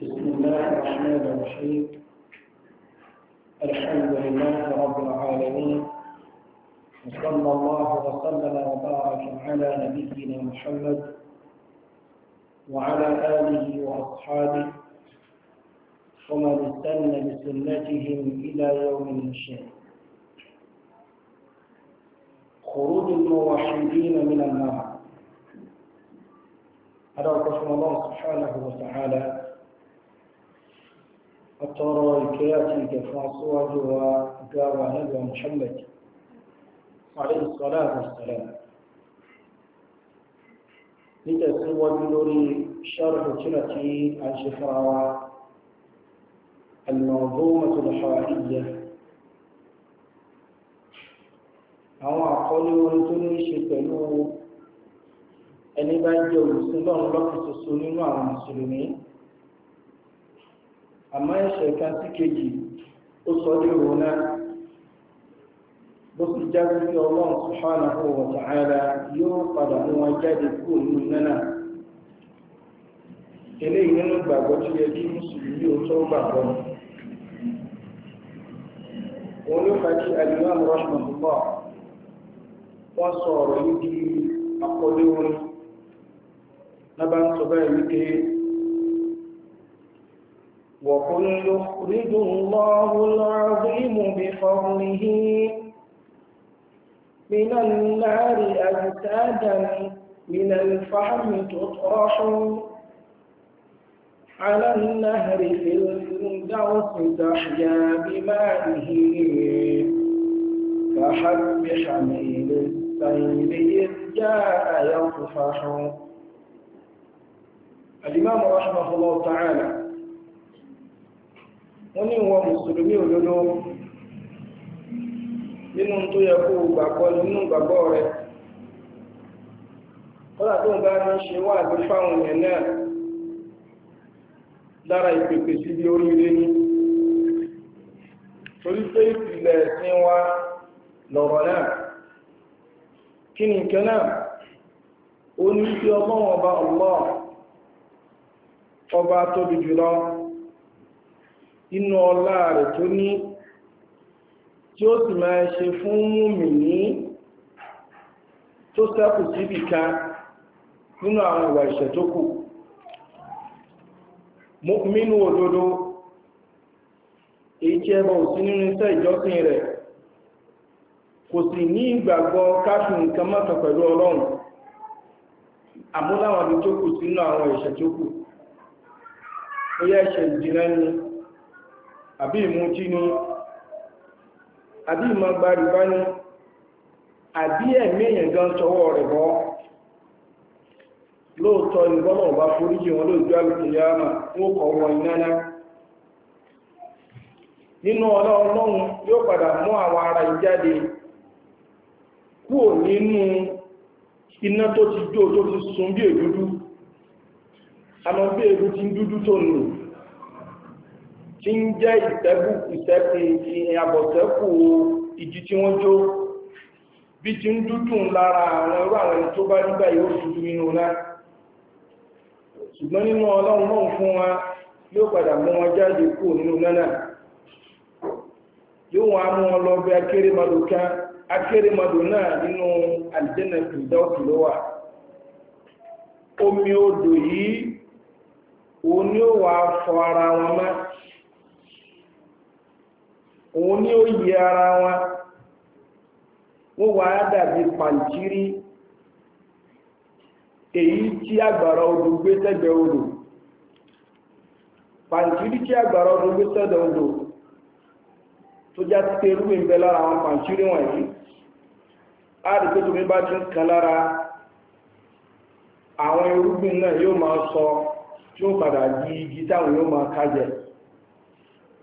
بسم الله الرحمن الرحيم الحمد لله رب العالمين وصلى الله وسلم وبارك على نبينا محمد وعلى آله وأصحابه ومن استنى بسنتهم إلى يوم الشهر خروج الموحدين من النار هذا قسم الله سبحانه وتعالى أترى الكياتيك فعصواتها قال نبي محمد عليه الصلاة والسلام لتسوى بنوري شرح تلتي عن شفاوة المنظومة الحائية àwọn àkọlé orin tó ní ṣe pẹ̀lú ẹni bá jẹ́ olùsìnlọ́run àmọ́ ẹ̀ṣẹ̀ kan sí kejì ó sọ ní ìrònà bó ti jáde sí subhanahu wa ta'ala padà mú wọn jáde kúrò nínú iná náà eléyìí nínú ìgbàgbọ́ tó yẹ kí mùsùlùmí ó tó sọ ọ̀rọ̀ yìí di akọlé orin náà وقل يخرج الله العظيم بفضله من النار أجسادا من الفحم تطرح على النهر في الفردوس تحيا بمائه فحب بحميل السيل إذ جاء يصفح الإمام رحمه الله تعالى wọ́n ní ìwọ mùsùlùmí òdodo nínú tó yẹ kó gbàgbọ́ nínú gbàgbọ́ rẹ kọ́lá tó ń bá ní ṣe wà ní fáwọn yẹn náà ìpèpè oríire ní torí pé ìpìlẹ̀ wa lọ̀rọ̀ náà kí ni nǹkan náà ó ní bí ọba ọba tóbi jùlọ inú ọlá rẹ̀ tó ní tí ó sì máa ṣe fún múmi ní tó sẹ́kù síbì kan nínú àwọn ìwà ìṣẹ̀ tó kù mínú òdodo èyí tí ẹbọ òsí nínú iṣẹ́ ìjọsìn rẹ̀ kò sì ní ìgbàgbọ́ káfí nǹkan mọ́ta pẹ̀lú ọlọ́run àmúláwọn tó kù sínú àwọn ìṣẹ̀ tó kù ó yẹ́ ìṣẹ̀ ìjìnlẹ́ni àbí imu ni àbí ìmọ̀gbàrìbá ni àbí ẹ̀mí èèyàn gan tọwọ́ rẹ̀ bọ́ lóòtọ́ ni bọ́nà ọba foríjì wọn lóòjú àbìkì yáàmà wọ́n kọ̀ wọn ìnáná nínú ọlọ́run yóò padà mú àwọn ara ìjáde kúrò nínú iná tó ti jó tó ti sun bí èdúdú àmọ́ bí èdú ti ń dúdú tó nù tí ń jẹ́ ìtẹ́kù ìtẹ́kù ìyàbọ̀tẹ́kù ìjì tí wọ́n jó bí ti ń dúdùn lára àwọn ẹrù àwọn tó bá nígbà yóò dúdú nínú náà ṣùgbọ́n nínú ọlọ́run náà fún wa yóò padà mú wọn jáde nínú náà yóò wọn mú wọn lọ bí akérèmọdò kan akérèmọdò náà nínú omi odò yìí òun ni ó ara wọn onye oyi ó yẹ ara wọn wọ́n wà á dàbí pàǹtírí èyí tí àgbàrá odò gbé tẹ́gbẹ̀ odò pàǹtírí tí àgbàrá odò gbé tẹ́gbẹ̀ odò tó já ti pé rúgbìn bẹ lára àwọn pàǹtírí wọ̀nyí á rí pé tómi bá ti kan lára àwọn irúgbìn náà yóò máa sọ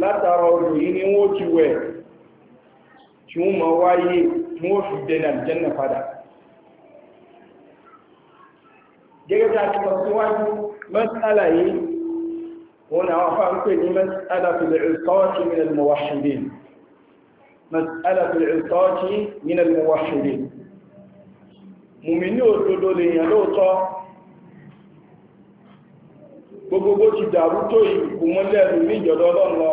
látara odò yìí ni wọ́n ti wẹ̀ tí wọ́n máa wáyé tí wọ́n fi dẹni àlùjànnà padà gẹ́gẹ́ bí a ti sọ síwájú mẹ́sàlá yìí wọ́n náà wọ́n fáwọn pè ní mẹ́sàlá tó lè ìsọ́ọ̀tí min al-muwahhidin lè yàn lóòtọ́ gbogbogbò ti dàrú tó ìkùnmọ́lẹ̀ lórí ọlọ́run lọ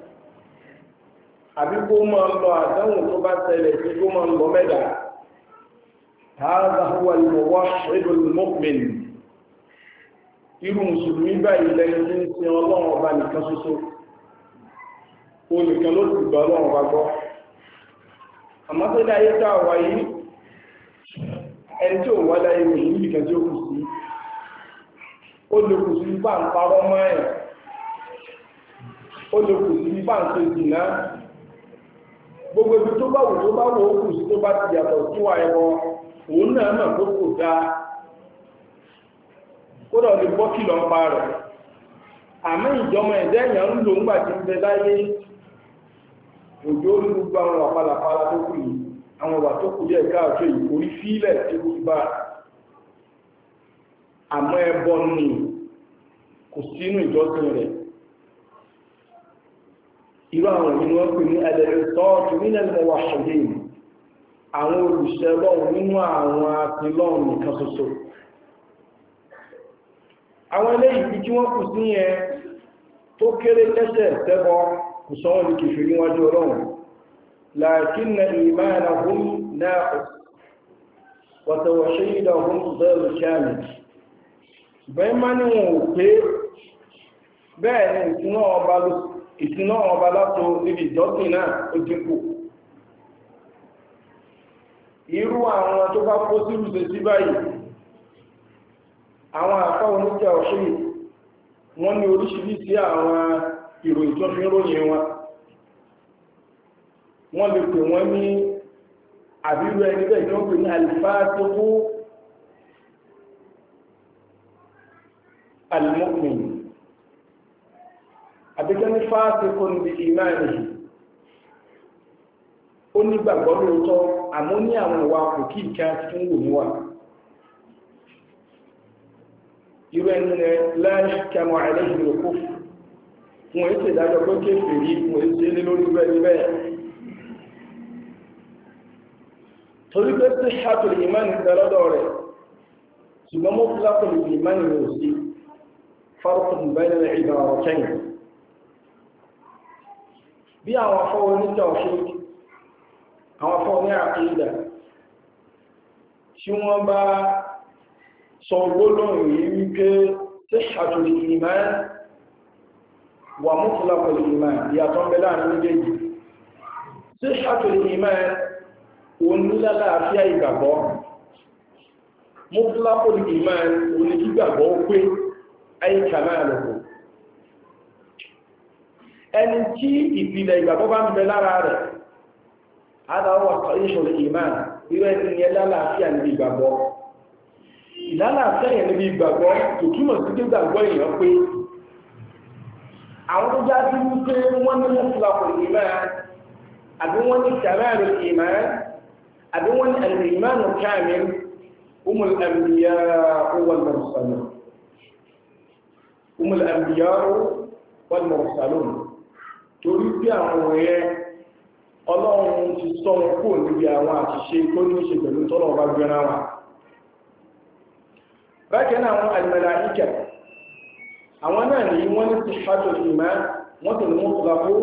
àbí kó máa lọ àdánwò tó bá tẹ̀lẹ̀ sí kó máa lọ mẹ́dà هذا هو الموحد المؤمن irú mùsùlùmí báyìí lẹ́ni tí ń sin ọlọ́run ọba nìkan ṣoṣo o nìkan ló ti gbà ọlọ́run ọba gbọ́ àmọ́ tó dáyé tá a wà yìí ẹni lè kù sí bá ń ṣe jìnnà gbogbo ibi tó bá wù tó bá wù ó kù sí tó bá ti yàtọ̀ sí wa ẹ̀wọ̀ òun náà mọ̀ tó kò dáa kódà ó lè bọ́ kìlọ̀ ń pa rẹ̀ àmọ́ ìjọmọ ẹ̀dẹ́ èèyàn ń lò ńgbà tí ń bẹ láyé òjò ó lù àwọn àpalàpalà tó kù yìí àwọn ìwà tó kù díẹ̀ káàtó yìí fílẹ̀ tí ó bá àmọ́ ẹbọ ni kò sínú ìjọsìn rẹ̀ irú àwọn ìlú wọn pè ní ẹlẹ́rìí tọ́ọ̀tù nílẹ̀ ní wà ṣẹ̀dẹ̀ yìí àwọn olùṣẹ́ lọ́hùn nínú àwọn apilọ́hùn nìkan ṣoṣo àwọn eléyìí tí wọ́n kù sí yẹn tó kéré lẹ́sẹ̀ tẹ́bọ kù sọ́wọ́n ní kìfì níwájú ọlọ́run láàkí na ìmáàna hún náà ìsinú ọba látò níbi ìjọsìn náà ó dínkù irú àwọn tó bá kó sí rúṣe sí báyìí àwọn àpá oníjà ọ̀ṣẹ́ wọ́n ní oríṣiríṣi àwọn ìròyìn tó fi ròyìn wọn wọ́n lè pè wọ́n ní àbírú ẹni bẹ́ẹ̀ ni wọ́n pè ní àlìfáà tó kú alìmọ́kùnrin àbíkẹ́ ní fáàtì kan bí ìmáàlì ó nígbàgbọ́ lóòótọ́ àmọ́ ní àwọn ìwà kò kí ìkà tí ń wò níwà irú ẹni rẹ láì kẹmọ àìlẹ́yìn òkú wọn èsì ìdájọ́ pé kéfèé rí wọn èsì ilé lórí bẹ́ẹ̀ bẹ́ẹ̀ torí pé sí ṣàtòlì ìmáàlì ìdálọ́dọ̀ rẹ̀ ṣùgbọ́n mọ́ fúlápọ̀lì ìmáàlì rẹ̀ sí fárúkùn bẹ́ẹ̀ ìdàrọ̀ kẹ́yìn bí àwọn afọ́wọ́ níta òṣèlú àwọn afọ́wọ́ ní àkídà tí wọ́n bá sọ gbólóhùn yìí wípé tí ṣàtòlì ìmọ̀ wà mútùlá pẹ̀lú ìmọ̀ ìyàtọ̀ bẹ láàrin méjèèjì tí ṣàtòlì ìmọ̀ onílàláàfíà ìgbàgbọ́ ẹni tí ìpìlẹ̀ ìgbàgbọ́ bá ń bẹ lára rẹ̀ adáwọ̀ ìṣòro ìmáà irú ẹni ni ẹlálàáfíà níbi ìgbàgbọ́ ìlálàáfíà yẹn níbi ìgbàgbọ́ tó túmọ̀ sí pé gbàgbọ́ èèyàn pé àwọn tó já sí wípé wọ́n ní mọ́tòlápọ̀ ìmáà àbí wọ́n ní kàmáàrù ìmáà àbí wọ́n ní àlùmáàmù káàmìl torí bí àwọn ẹ̀ ọlọ́run ti sọ wọn kò níbi àwọn àṣìṣe tó ní ṣe pẹ̀lú tọ́lọ̀ bá gbẹ́ra wa bákan àwọn àìmọ̀lá ìkẹ̀ àwọn náà ní wọ́n ní ti ṣájọ ìmá wọ́n tó tó lápó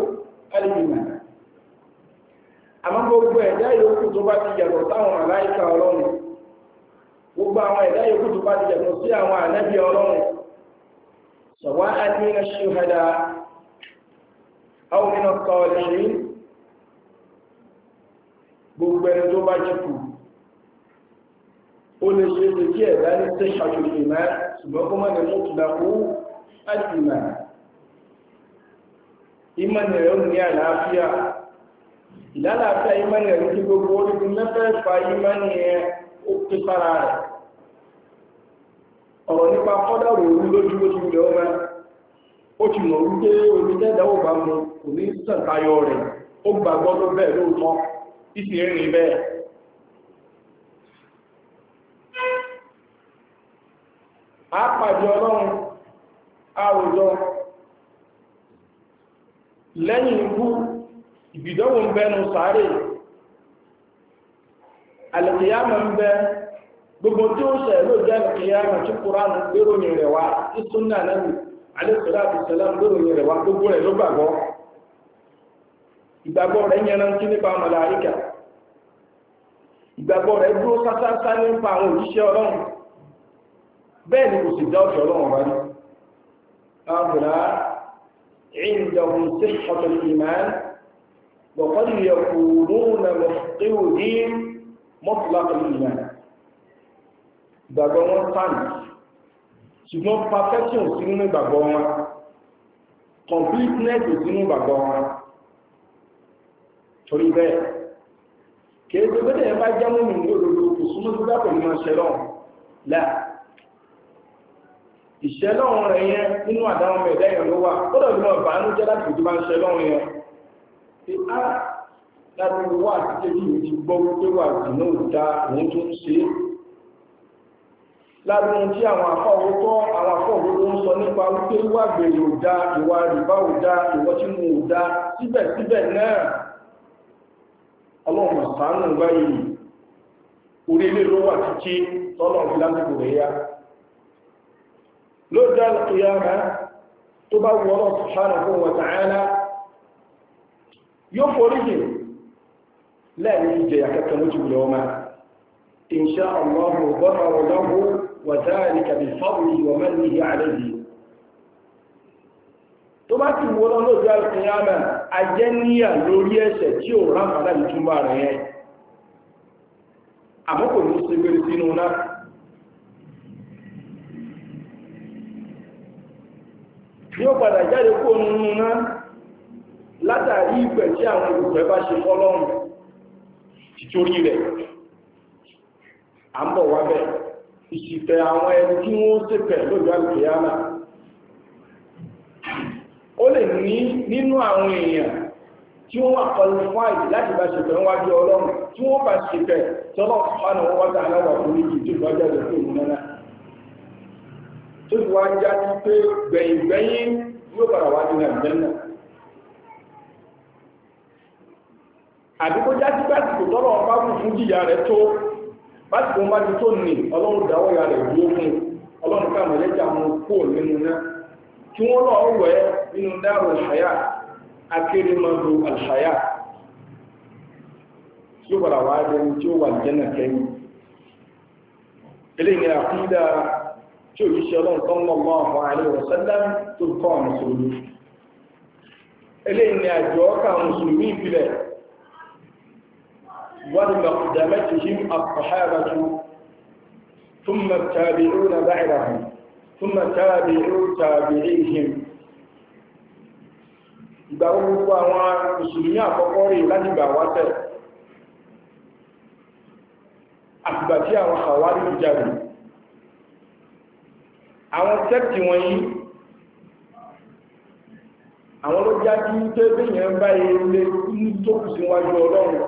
àmọ́ gbogbo ẹ̀dá yòókù tó bá ti yàtọ̀ ọlọ́run gbogbo àwọn ẹ̀dá tó bá ti yàtọ̀ sí àwọn ànábì ọlọ́run أو من الصالحين gbogbo ẹni tó bá jẹ́kù ó lè ṣe ṣe kí ẹ̀dá ní tẹ́ ṣàṣòṣe máa ṣùgbọ́n kó mọ́ ní mú ti dákú láti máa ìmọ̀nà ẹ̀rọ ní àlàáfíà ìlàlàáfíà ìmọ̀nà ẹ̀rọ tí gbogbo orí mẹ́fẹ́fà ìmọ̀nà ẹ̀ ó ti mọ̀ wípé omi tẹ́dà ó bá mu kò ní sàn rẹ̀ ó gbàgbọ́ ló bẹ́ẹ̀ lóòótọ́ ìsì rìn bẹ́ẹ̀ a pàdé ọlọ́run lẹ́yìn ikú ìbìdọ́wò ń bẹnu sáré bẹ gbogbo tí ó ṣẹ̀ ló jẹ́ alìkìyàmà tí kùránù gbéròyìn rẹ̀ wá tí súnnà alẹ́sọ̀lá àti sẹ́lá lórí rẹ̀ wá gbogbo rẹ̀ ló gbàgbọ́ ìgbàgbọ́ rẹ̀ yẹran kí nípa màláíkà ìgbàgbọ́ rẹ̀ dúró sásásá nípa àwọn òjíṣẹ́ ọlọ́run bẹ́ẹ̀ ni kò sì dá ọ̀ṣọ́ ọlọ́run wá ní àbúrá ìndọ̀hùn sí ọ̀tọ̀ ìmáà وقد يكونون محقرين مطلق الإيمان بابا وطن ṣùgbọ́n perfection sí nínú ìgbàgbọ́ wọn completeness sí nínú ìgbàgbọ́ wọn torí bẹ́ẹ̀ kìí tó bẹ́ẹ̀ yẹn bá jẹ́ mú mi ní òdodo kò súnmọ́ sí dápò ní máa là ìṣẹlọ́ rẹ̀ yẹn nínú àdáwọn ẹ̀dá yẹn ló wà ó dọ̀bí náà bá ń jẹ́ láti òjò máa ń ṣẹlọ́ yẹn pé á láti wá àti tẹ́jú mi ti gbọ́ wípé wà sí náà dá òun tó ń lábẹ́ tí àwọn àfọ́ òótọ́ àwọn àfọ́ òótọ́ ń sọ nípa wípé gbèrè ò dá ìwà ò dá tí mo ò dá síbẹ̀síbẹ̀ náà ọlọ́run báyìí orí ilé ló wà títí tọ́lọ̀ fi lásìkò rẹ̀ yá ló dá tó bá wọ́n fún wọn yóò forí jìn lẹ́ẹ̀ni ìjẹyà kẹta وذلك بفضله ومنه عليه tó bá ti wo lọ lóòjọ́ alkiyama ajẹ́ níyà lórí ẹ̀ṣẹ̀ tí ó rán padà ìtúmbà rẹ̀ ẹ́ àmọ́kò ní ṣe gbé sínú náà tí ó padà jáde kó nínú náà látàrí ìpẹ̀ tí àwọn ìgbẹ̀ bá ṣe fọ́lọ́run títorí rẹ̀ à ń bọ̀ wá ìṣìfẹ́ àwọn ẹni tí wọ́n ti pẹ̀ lójú àgbìyàmà ó lè ní nínú àwọn èèyàn tí wọ́n wà qualified láti bá ṣe pẹ̀lú wájú ọlọ́run tí wọ́n bá ṣe pẹ̀ tọ́lọ̀ fánà wọ́n wáta aláwà oríjì tó bá jáde fún òun náà tó ti wá já sí pé gbẹ̀yìngbẹ̀yìn yóò bára wájú náà jẹ́nà àdúgbò já sí pé àsìkò tọ́lọ̀ ọba fún fún jìyà rẹ̀ báti kò bá ti tó ní ọlọ́run dáwọ́ ya rẹ̀ dúró fún ọlọ́run ká mọ̀lẹ́jà kó nínú náà kí wọ́n lọ nínú àṣàyà akéré àṣàyà tí ó tí ó wà ولمقدمتهم الصحابة ثم التابعون بعدهم ثم تابعوا تابعيهم ìgbà wo gbogbo àwọn mùsùlùmí àkọ́kọ́ rí láti gbà wá tẹ̀ àtìgbà tí àwọn àwárí jáde àwọn tẹ́kì wọ̀nyí àwọn ló já kí pé bí ìyẹn bá síwájú ọlọ́run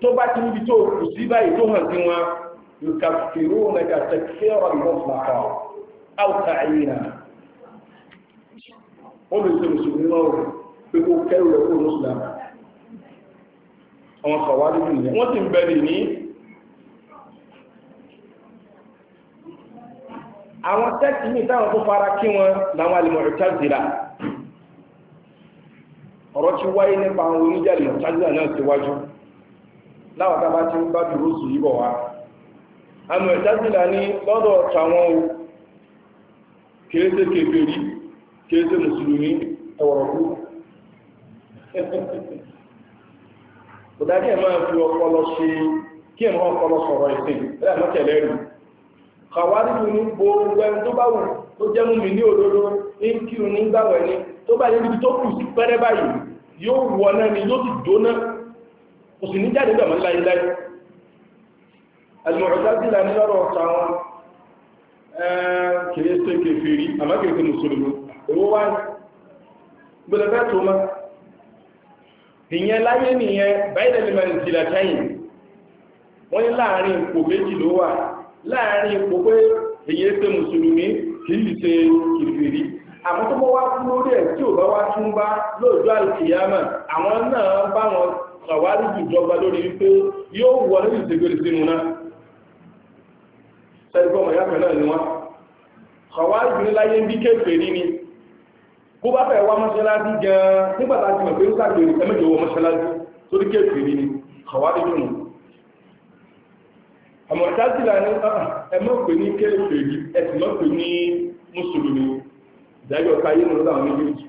tó bá ti níbi tó kù sí báyìí tó hàn sí wọn yùkàfèrò nàgà tẹkẹrọ ìmọ̀fàkà áwùtà àyínà wọ́n lè ṣe mùsùlùmí náà rẹ̀ pé kó kẹ́rù rẹ̀ kó mùsùlùmí àwọn kọ̀wàlú nìyẹn wọ́n ti ń bẹ̀rẹ̀ ní àwọn tẹ́kì ní ọ̀rọ̀ ti wáyé nípa àwọn oníjẹ́ alìmọ̀rìtàzìlá náà síwájú láwọn tábá tí ń bá bí rúsù yíbọ̀ wá àmọ̀ ìtàzìlà ní lọ́dọ̀ tàwọn o kéése kèfèrí kéése mùsùlùmí ẹwọ̀rọ̀kú kò dá kí ẹ máa fi ọpọlọ ṣe kí ẹ máa ọpọlọ sọ̀rọ̀ ìsìn ẹ̀rẹ́ àmọ́kẹ̀lẹ́ rí kàwárídù ní gbogbo ẹni tó bá wù tó jẹ́ mú mi ní òdodo ní kírun ní gbàwẹ̀ ni tó bá yẹ níbi tó kù sí pẹ́rẹ́ báyìí yóò wọ náà ni yóò sì dóná kò sì ní jáde bẹ̀mọ̀ láyéláyé alìmọ̀rọ̀dájìlá ní lọ́rọ̀ ọ̀ta wọn kìí ṣe kèfèrí àmákèké mùsùlùmí owó wá gbọ́dọ̀fẹ́ tó má ìyẹn láyé nìyẹn báyìí lẹ́mẹ̀rin jìlá kẹ́yìn wọ́n ní láàrin ipò méjì ló wà láàrin ipò pé èyí ṣe mùsùlùmí kìí ṣe kèfèrí àmọ́ wá kú lórí ẹ̀ tí ò bá wá tún bá lóòjọ́ àlùkìyàmọ̀ àwọn náà bá wọn kàwárí ìjọba lórí wípé yóò wọ ní ìsègbèrè sínú náà sẹ́dúkọ́ mọ̀ yàtọ̀ náà ni wọ́n kàwárí ìjọba láyé ń bí kéfèrí ni bó bá fẹ́ wá mọ́ṣáláṣí gan-an nígbà tá a ti mọ̀ pé ń sàgbèrè ẹmẹ́jọ wọ mọ́ṣáláṣí torí kéfèrí ni kàwárí dùn àmọ̀ ìtàsílà ní ah, ẹmọ́ pè ní kéfèrí ẹ̀sìn mọ́ pè ní mùsùlùmí ìdájọ́ káyé mọ́ lọ́dọ̀ àwọn méjèèjì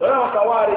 lọ́dọ̀ àwọn kàwárí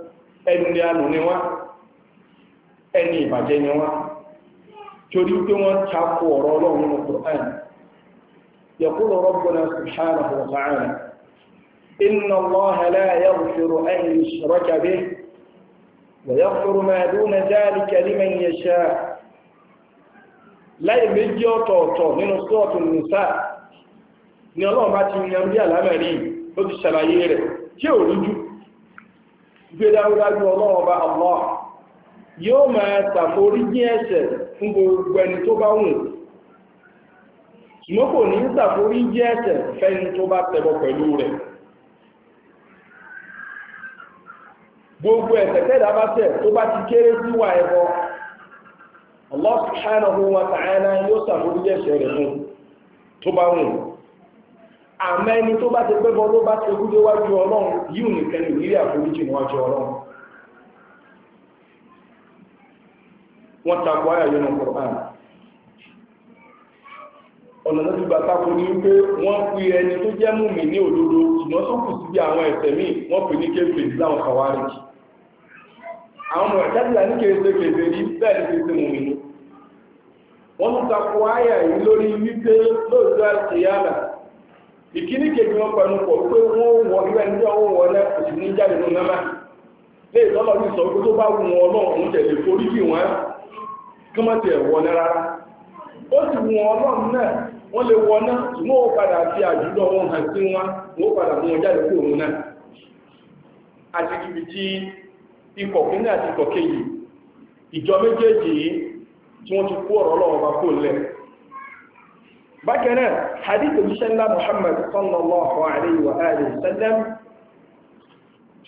ẹni ànù ni wọ́n ẹni ìbàjẹ́ ni wọ́n torí pé wọ́n takò ọ̀rọ̀ ọlọ́run ní Qur'an yaqulu rabbuna subhanahu wa ta'ala inna Allaha la yaghfiru an yushraka bihi wa yaghfiru ma duna dhalika liman yasha láì méjì ọ̀tọ̀ọ̀tọ̀ gbé dáwúdájú ọlọ́ọ̀bá Allah yóò máa ṣàforíjì ẹ̀ṣẹ̀ fún gbogbo ẹni tó bá wù ṣùgbọ́n kò ní ṣàforíjì ẹ̀ṣẹ̀ fẹ́ni tó bá tẹbọ pẹ̀lú rẹ̀ gbogbo ẹ̀ṣẹ̀ tẹ́dà bá tẹ̀ tó bá ti kéré síwà ẹbọ Allah subhanahu wa ta'ala yóò ṣàforíjì ẹ̀ṣẹ̀ rẹ̀ fún tó bá wù àmọ́ ẹni tó bá ti pẹ́ bọ́ ló bá ti rú déwájú ọlọ́run yíò nìkan ìrírí àforíjì níwájú ọlọ́run wọ́n takọ̀ ayà yóò nù kọ̀ọ̀kan ọ̀nà tó ti gbà tako ní pé wọ́n pe ẹni tó jẹ́ mú mi ní òdodo ṣùgbọ́n tó kù síbi àwọn ẹ̀sẹ̀ míì wọ́n pè ní kéfèé láwọn kàwárí àwọn ọmọ ìtẹ́sílà ní kéfèé kéfèé rí bẹ́ẹ̀ ní kéfèé mú mi ní wọ́n tún takọ̀ ayà lórí wípé lóòótọ́ àti yálà ìkíní kejì wọn pẹ̀lú pọ̀ pé wọ́n wọ ilé ẹni ọwọ́ wọn lẹ́ òsì ní jáde nínú náà lè tọ́lọ̀ ní sọ pé tó bá wù wọn náà òun tẹ̀lé forí kì wọ́n kí wọ́n wọ ní rárá wọn náà náà wọ́n lè náà ṣùgbọ́n ó padà fi wọn hàn sí wọn wọ́n padà mú wọn jáde kó òun náà àti ibi tí ikọ̀ àti ikọ̀ kejì ìjọ méjèèjì yìí wọ́n ti kó bákanáà hadith òjíṣẹ́lá muhammad sallallahu alayhi wa alihi sallam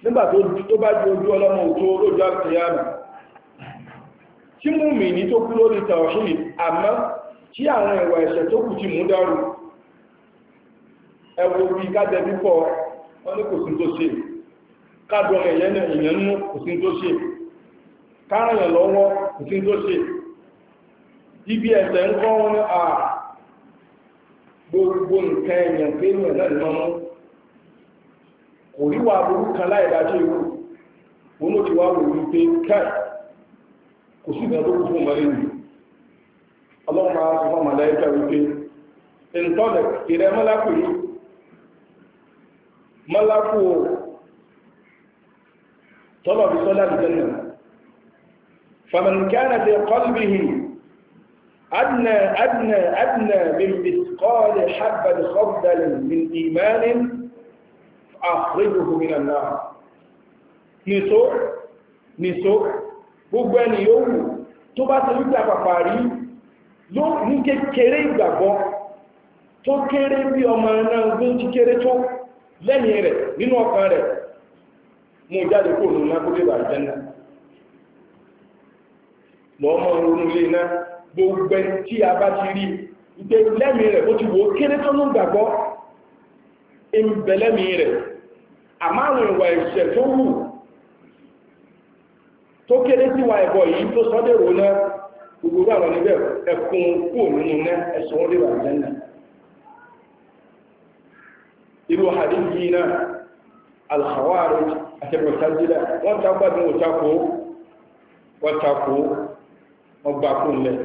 nígbà tó bá ju ojú ọlọ́mọ òjò olójú àkìyàmà tí mú mi ní tó kú lórí tawhid àmọ́ tí àwọn ìwà ẹ̀ṣẹ̀ tó kù ti mú dárú ẹwọ bí kájẹ pípọ̀ wọn ní kò tó ṣe ibi ẹ̀ṣẹ̀ ń kọ́ wọn ní àà gbogbo nǹkan ẹ̀yàn pé ní ẹ̀nà ìmọ́mọ́ kò ríwà burú kan láìdájọ́ ìwò wọn ó ti wá wò wípé káì kò sí ìgbà tó kú fún ọmọdé nìyí ọlọ́run máa sọ fún ọmọdé ẹjọ́ wípé ìntọ́lẹ̀ ìrẹ́ mọ́lápù yìí mọ́lápù tọ́lọ̀ fi sọ́lá ìjẹ́ nìyí فمن كان في أدنى أدنى أدنى من مثقال حبة خردل من إيمان فأخرجه من النار نسوء نسوء gbogbo ẹni yóò wù tó bá tẹ́lú pé àpapà rí ló ní kékeré ìgbàgbọ́ tó kéré bí ọmọ náà gbé ti kéré tó lẹ́yìn rẹ̀ nínú ọkàn rẹ̀ mú jáde kó nù náà kó lè bà jẹ́ náà lọ́mọ orun lè náà gbogbo tí a bá ti rí ìpé lẹ́mìí rẹ̀ ó ti wò kéré tó ní gbàgbọ́ ìbẹ̀lẹ́mìí rẹ̀ àmáhùn ìwà ìṣẹ̀ tó wù tó kéré sí wa ẹ̀bọ̀ yìí tó sọ́dẹ̀rò náà gbogbo àwọn níbẹ̀ ẹkùn nínú ní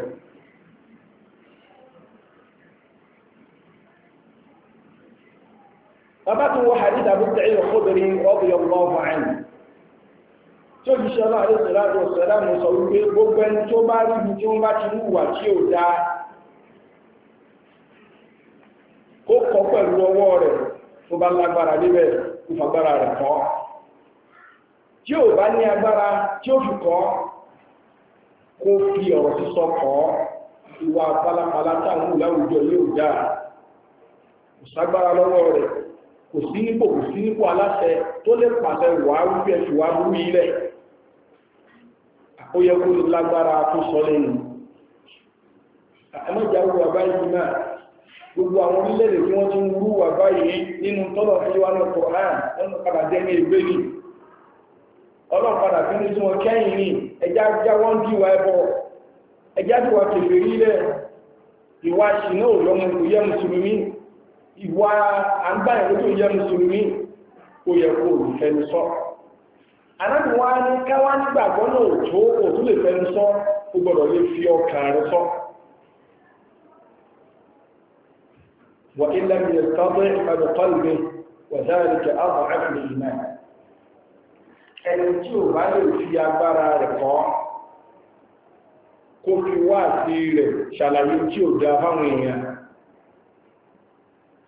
bàbá tó wọ hadith Abu Sa'id al-Khudri radiyallahu anhu tó fi ṣe ọlọ́run àdéhùn láti ọ̀sẹ̀ láàmú gbogbo ẹni tó bá rí ibi tí wọ́n bá ti ń wà tí ò dáa kó kọ́ pẹ̀lú tó bá lágbára kò sí nípò kò sí nípò aláṣẹ tó lè pàṣẹ wàá wípé ẹ̀ṣù wá rú ilẹ̀ ó yẹ kó lágbára tó sọ lẹ́nu ẹmọ́jà wúwa báyìí náà gbogbo àwọn orílẹ̀-èdè tí wọ́n ti ń wúwa báyìí nínú tọ́lọ̀ sí wà ní Kùránì wọ́n padà jẹ́ ní ìgbé ní ọlọ́pàá fi ní tí wọ́n kẹ́yìn ní ẹjá já wọ́n díwà ẹbọ ẹjá díwà kèfèrí ilẹ̀ ìwà ṣìnà òyọmọ ìyẹ́ mùsùlùmí ìwà àgbáyẹ̀wò tó yẹ mùsùlùmí ó yẹ kó lè fẹnu sọ anábì wa ní káwá nígbàgbọ́ náà tó òtún lè fẹnu sọ ó gbọ́dọ̀ lè fi ọkàn rẹ sọ wà ilẹ̀ mi lè tọ́jú ìbàdàn pọ́lùmí wà dáàrí kẹ fi wá sí rẹ̀ ṣàlàyé tí ò dá fáwọn èèyàn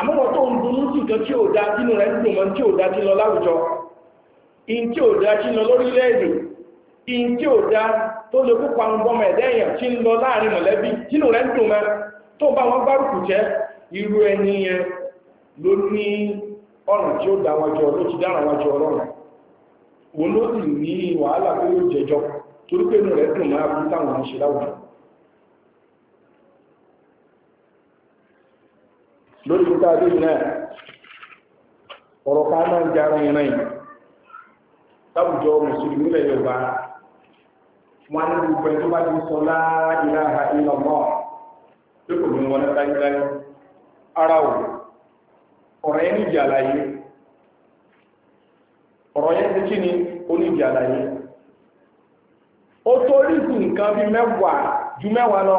amụma tó ń dunú sí ìjọ tí ó dá sínú rẹ̀ dùn mọ́ tí ó dá sí lọ láwùjọ in tí ó dá sí lọ lórílẹ̀-èdè in tí ó dá tó lè púpọ̀ lọ láàrin mọ̀lẹ́bí sínú rẹ̀ tó bá wọn gbárùkù jẹ́ irú ẹni yẹn ló ní ọ̀nà tí ó dá ló ti dára wájọ ọlọ́run òun ló sì ní wàhálà jẹjọ torí pé inú rẹ̀ dùn mọ́ abúlé táwọn ṣe lórí ìgbà àdéhù náà ọ̀rọ̀ ká máa ń jára ìran yìí láwùjọ mùsùlùmí ilẹ̀ yorùbá wọn ní gbogbo ẹni tó bá ti sọ láìláha ìlọ̀mọ́ tó kò ní wọn láyéláyé ara ò ọ̀rọ̀ yẹn níjà láyé ọ̀rọ̀ yẹn ti kí ni ó níjà láyé ó tó rí sí nǹkan bí mẹ́wàá ju mẹ́wàá lọ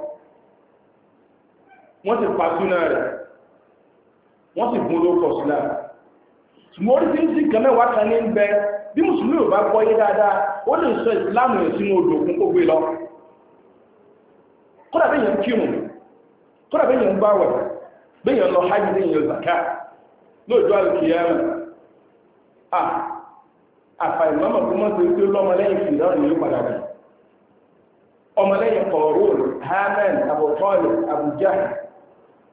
wọ́n ti pa rẹ̀ wọ́n sì gún lókọ̀ sílá ṣùgbọ́n orí tí ń sì kan mẹ́wàá kan ní ń bẹ bí mùsùlùmí ò bá gbọ́ yé dáadáa ó lè sọ ìsìláàmù rẹ̀ sínú odò òkun kó gbé lọ kódà bẹ́ẹ̀ yẹn kírun kódà bẹ́ẹ̀ yẹn gbáwẹ̀ bẹ́ẹ̀ yẹn lọ hajj bẹ́ẹ̀ yẹn zaka lóòjọ́ àlùkìyàmù àfà mọ́ sí pé lọ́mọlẹ́yìn padà rẹ̀ ọmọlẹ́yìn kọ̀ọ̀rọ̀ Abu Talib abuja.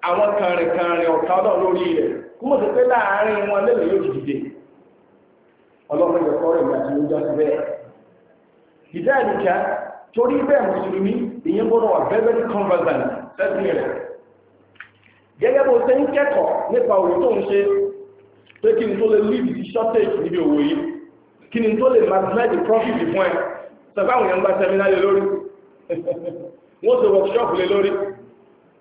àwọn kàrìnkàrìn ọ̀tá ọ̀dọ̀ lórí rẹ̀ kúmọ̀ sí pé láàárín wọn lẹ́lẹ̀ yóò dìde ọlọ́run yẹ kọ́ ìgbà tí ó já sí bẹ́ẹ̀ ìdá ìlúkà torí bẹ́ẹ̀ mùsùlùmí èyí gbọ́dọ̀ wà very very conversant lẹ́sìn rẹ̀ gẹ́gẹ́ bó ṣe ń kẹ́kọ̀ọ́ nípa òwò tó ń ṣe pé kí n tó lè leave the shortage níbi òwò yìí kí ni tó lè maximize the profit fún ẹ sọ pé àwọn èèyàn gba seminar lé lórí wọ́n ṣe workshop lé lórí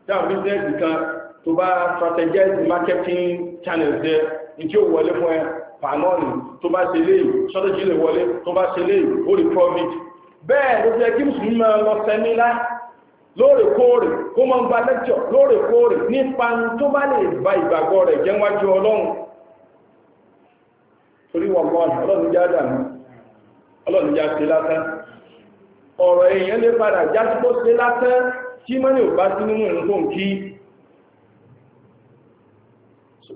táwọn bísíǹsì kan to bá strategize marketing channels there ní tí ó wọlé fún ẹ pàánọ́ọ̀nì tó bá ṣe léyìí strategy lè wọlé tó bá ṣe léyìí ó rí profit bẹ́ẹ̀ ló jẹ́ kí mùsùlùmí máa lọ sẹ́mílá lóòrèkóòrè kó máa ń gba lẹ́kṣọ̀ lóòrèkóòrè nípa tó bá lè ba ìgbàgbọ́ rẹ̀ jẹ́ wájú ọlọ́run torí wọn mọ́ ọlọ́run já dànù ọlọ́run já ṣe lásán ọ̀rọ̀ èèyàn lè padà já sí tí mọ́ni ò bá sí nínú ìrùn tó ń kí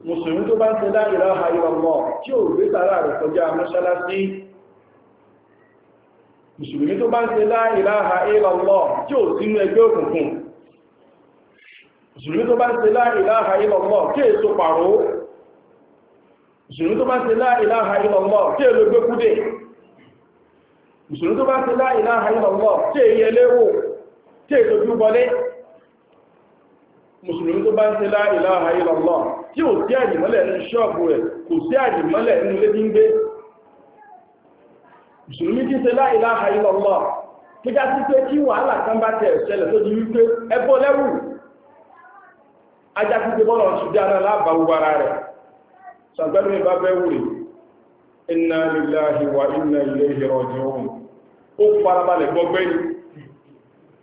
mùsùlùmí tó bá ń ṣe la ilaha illallah tí ò gbé tààrà rẹ̀ kọjá mọ́ṣálásí mùsùlùmí tó bá ń ṣe la ilaha illallah tí ò sínú ẹgbẹ́ òkùnkùn mùsùlùmí tó bá ń ṣe la ilaha illallah tí èso pàró mùsùlùmí tó bá ń ṣe la ilaha illallah tí èlò gbé kúdè mùsùlùmí tó bá ń ṣe la ilaha illallah tí èyí ẹlẹ́wò tí èdè ojú wọlé musulmi tó bá ń ṣe a ilaha illallah tí ò sí àjìmọ́lẹ̀ nínú ṣọ́ọ̀bù rẹ̀ kò sí àjìmọ́lẹ̀ nínú ilé tí ń gbé musulmi tí ń ṣe la ilaha illallah sí pé kí wàhálà kan bá tẹ̀ tó di wípé lẹ́rù ajá ó farabalẹ̀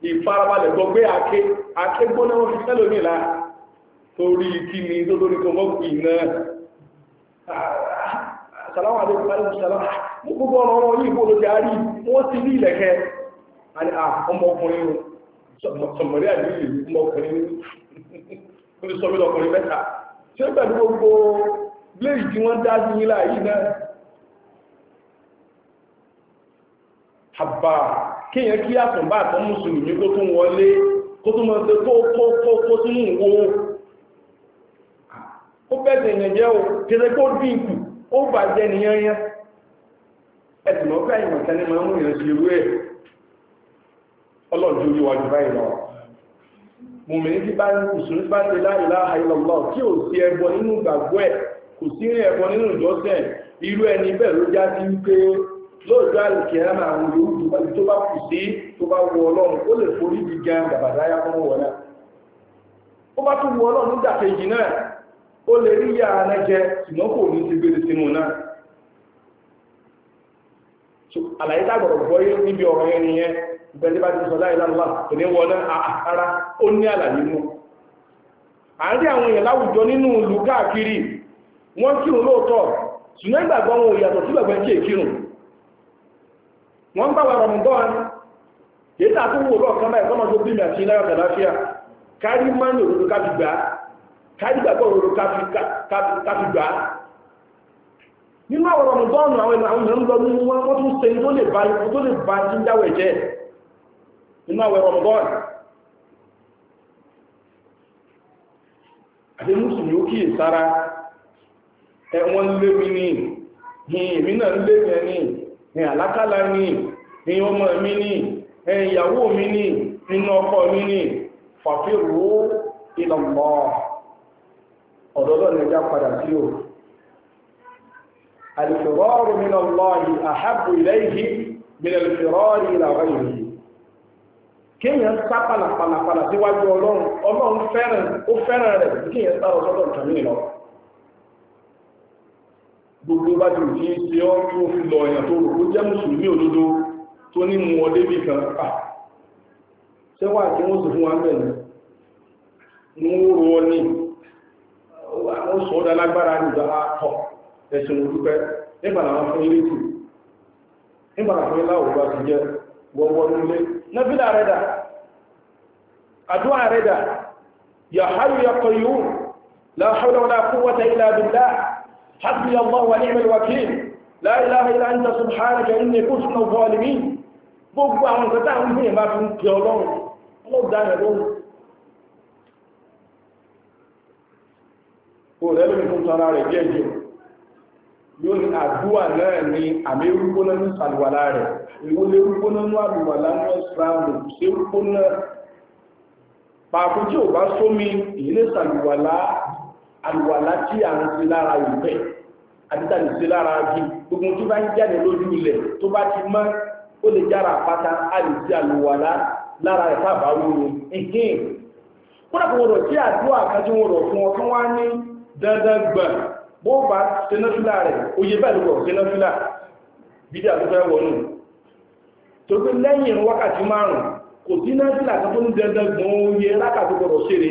ìfarabalẹ̀ tó gbé àké àké gbóná wọn fi tẹ́lò nílá torí kí ni tó lórí kò mọ́kù iná sàláwà ló parí sàláwà mú gbogbo ọ̀rọ̀ ọmọ yìí bó ló ti àárí wọ́n ti ní ìlẹ̀kẹ́ ọmọkùnrin sọmọrí àdúgbò ọmọkùnrin ó ti sọ mí lọkùnrin mẹ́ta tí ó pẹ̀lú gbogbo bléèdì tí wọ́n dá sí nílá kéèyàn kí àtúnbà àtọ́ mùsùlùmí kó tún wọlé kó tún mọ́ sí kó kó kó kó sínú wo ó bẹ́sẹ̀ èèyàn jẹ́ o kẹsẹ̀ kó dín kù ó bà jẹ́ nìyẹn yẹn ẹ̀sìn mọ́ fẹ́ ìmọ̀ sẹ́ni máa ń rìn sí irú ẹ̀ ọlọ́run yóò wá jù báyìí lọ mùmìnì tí bá ń kùsùn bá ti la ilaha illallah tí ò sí ẹbọ nínú gbàgbọ́ ẹ̀ kò sí ẹbọ nínú ìjọsẹ̀ irú ẹni bẹ́ẹ̀ ló já sí wípé lóòjọ́ àlùkìyàmà àwọn yòówù àti tó bá kù sí tó bá wọ ọlọ́run ó lè forí di gan bàbàdáyà fún wọn náà ó bá tún wọ ọlọ́run nígbà kejì náà ó lè rí yà ara jẹ ṣùgbọ́n kò ní ti sínú náà àlàyé tágbọ̀rọ̀ gbọ́ yé nínú ìlú káàkiri wọ́n kírun lóòótọ́ ṣùgbọ́n ìgbàgbọ́ wọn ò yàtọ̀ sí ìgbàgbọ́ tí wọ́n bá wàrọ̀ mọ̀ bọ́n yìí tà tó wòrò ọ̀kan báyìí kọ́nà tó bímẹ̀ àti ináyọ̀ tàláfíà kárí máa ní òròrò káfi gbà kárí gbàgbọ́ òròrò káfi gbà nínú àwọ̀rọ̀ mọ̀ àwọn ìlànà lọ ní wọ́n wọ́n se tó lè tó lè tí ń dáwẹ̀ jẹ́ nínú àti mùsùlùmí ó ní àlákàlà ní ní ọmọ mi ní ìyàwó mi ní nínú ọkọ mi ní fàfíìrù ìlọ̀mọ́ ọ̀dọ́dọ́ ní ẹjá padà sí o alìfìrọ́rù min Allahi ahabbu ilayhi min alìfìrọ́rù ila ghayrihi kíyàn sá pàlàpàlàpàlà gbogbo bá ti rí ṣe ọ́ tó fi lọ èèyàn tó rò ó jẹ́ mùsùlùmí òdodo tó ní mú ọdé bí kan pà ṣẹ́wà tí wọ́n sì fún wa mú ní àwọn lágbára àtọ̀ olùpẹ́ nígbà àwọn fún ilé nígbà ti jẹ́ gbọ́gbọ́ nílé nẹ́bílà rẹ̀ dà àdúrà rẹ̀ dà حسبي الله ونعم الوكيل لا إله إلا أنت سبحانك إني كنت من الظالمين gbogbo àwọn nǹkan tá à ń gbìyànjú bá fi ń pè ọlọ́run wọn ò dá rẹ lóhùn kò rẹ lórí fún tọ́ra rẹ díẹ̀ jù yóò ní àdúrà náà ní àmì rúgbóná ní àlùwàlá rẹ ìwọ lè rúgbóná ní àlùwàlá ní ọ̀sánù ṣe rúgbóná pàápàá tí ò bá sómi ìlé àlùwàlá àlùwàlá tí à ń ṣe lára ìfẹ́ àdítàlì ṣe lára ajé gbogbo tó bá ń jáde lójú ilẹ̀ tó bá ti mọ́ ó lè jára àpáta àlùsí àlùwàlá lára ẹ̀fà àbáwò ìhìn kúrò kò rọ̀ sí àdúrà kan tí wọ́n rọ̀ fún ọ tí wọ́n á ní dandan gbọ̀n bó bá sinafila rẹ̀ tó tó ní dandan gbọ̀n oyè lákàtúkọ̀rọ̀ ṣeré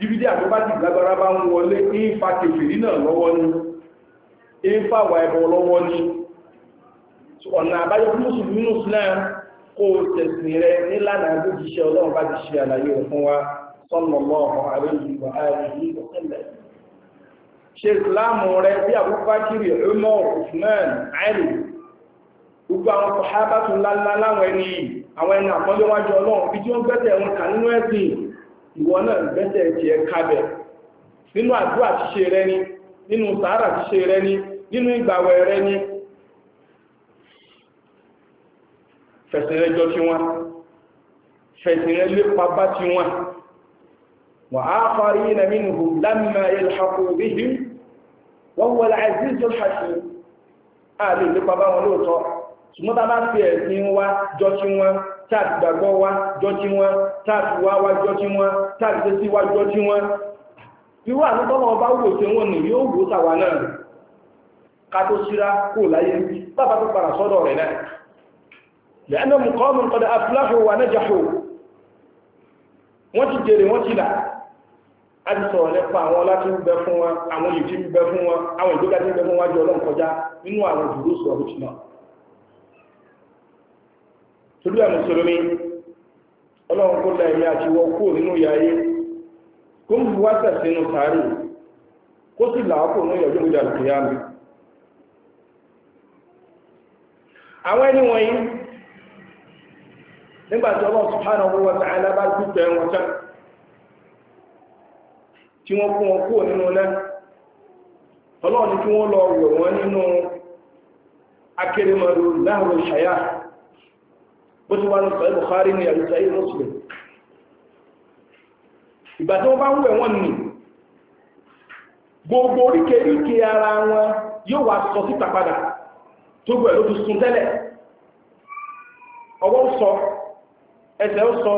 díbídí àgbébájì lágbára bá ń wọlé ní ìfà kèfèrí náà lọ́wọ́ ní ìfàwà ẹbọ lọ́wọ́ ní ọ̀nà àbáyọ mùsùlùmí islam kó tẹ̀sìn rẹ nílànà agbójíṣẹ́ ọlọ́run bá ti ṣe àlàyé rẹ̀ wa sallallahu alaihi wa alihi wa sallam ṣe ìsìláàmù rẹ Ali gbogbo àwọn sàhábà tún lálá láwọn ẹni àwọn ẹni àpọ́lẹ́wájú ọlọ́run bí tí wọ́n gbẹ́tẹ̀ ìwọ náà gbẹ́sẹ̀ ti ẹ kábẹ̀ nínú àdúrà rẹ ni nínú sàárà ṣe rẹ ni nínú ìgbàwẹ̀ rẹ ni fẹ̀sìn jọ tí wọ́n fẹ̀sìn lépa tí wọ́n wà á fari na mínú lámà ilhaku bihi táàtì gbàgbọ́ wá jọ tí wọ́n táàtì wá wá jọ tí wọ́n táàtì tẹ́sí wá jọ tí wọ́n irú àtúntọ́mọ̀ ọba wò tí wọ́n nì yóò wò tàwa náà ká tó síra kó láyé rí bàbá tó padà sọ́dọ̀ rẹ̀ náà lẹ́nu mùkọ́mù kọ́dà afúláhù wà náà jàfò wọ́n ti jèrè wọ́n ti là á ti sọ̀rọ̀ nípa àwọn ọlá tí ń bẹ fún wọn àwọn ìdí ń bẹ fún wọn àwọn ìgbéga tí ń bẹ fún wọn jọ ọlọ́nkọjá nínú àwọn ìdúró sọ̀rọ̀ tí náà torí ẹ̀ mùsùlùmí ọlọ́run la ẹ̀mí àti wọ kúrò nínú ìyà ayé kó ń bu wáṣẹ̀ sínú sàárì kó sì làákò ní ìyọ̀jú ìjà kìyàmù àwọn ẹni wọ̀nyí nígbàtí ọlọ́run subhanahu ṣàyà bó ti wá ní sọ Bukhari ní àrísà yìí Muslim ìgbà tí wọ́n bá ń wẹ̀ wọ́n nì gbogbo oríkèríkè ara wọn yóò wá sọ síta padà tó gbẹ̀ ló ti sun tẹ́lẹ̀ ọwọ́ sọ ẹsẹ̀ sọ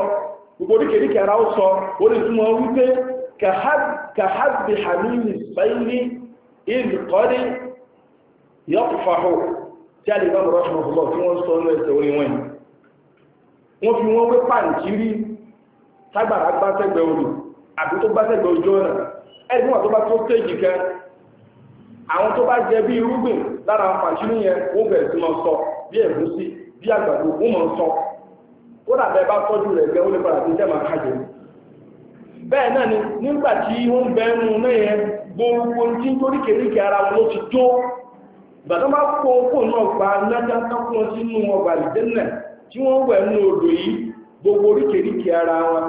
gbogbo oríkèríkè ara sọ orí túnmọ̀ wípé kàhábì hàmìlì sáyìlì ìzùkọ́rí yọ́pùfàhù tí a lè bá mọ̀rọ̀ ṣùgbọ́n tí wọ́n sọ ní ẹsẹ̀ orí wọn yìí wọ́n fi wọ́n pé pàǹtírí tágbàrá gbá sẹ́gbẹ̀ odò àbí tó gbá sẹ́gbẹ̀ ojú ọ̀nà ẹni wọ́n tó bá tó stéèjì kan àwọn tó bá jẹ bí irúgbìn lára pàǹtírí yẹn wọ́n bẹ̀rẹ̀ sí máa sọ bí ẹ̀gúsí bí àgbàdo wọ́n máa sọ ó dàbẹ̀ bá tọ́jú rẹ̀ gẹ́ ó lè padà sí sẹ́mà bẹ́ẹ̀ ara wọn ló ti tó ìgbà tó bá kó kó náà gba tí wọ́n wẹ̀ nínú odò yìí gbogbo oríkèríkè ara wọn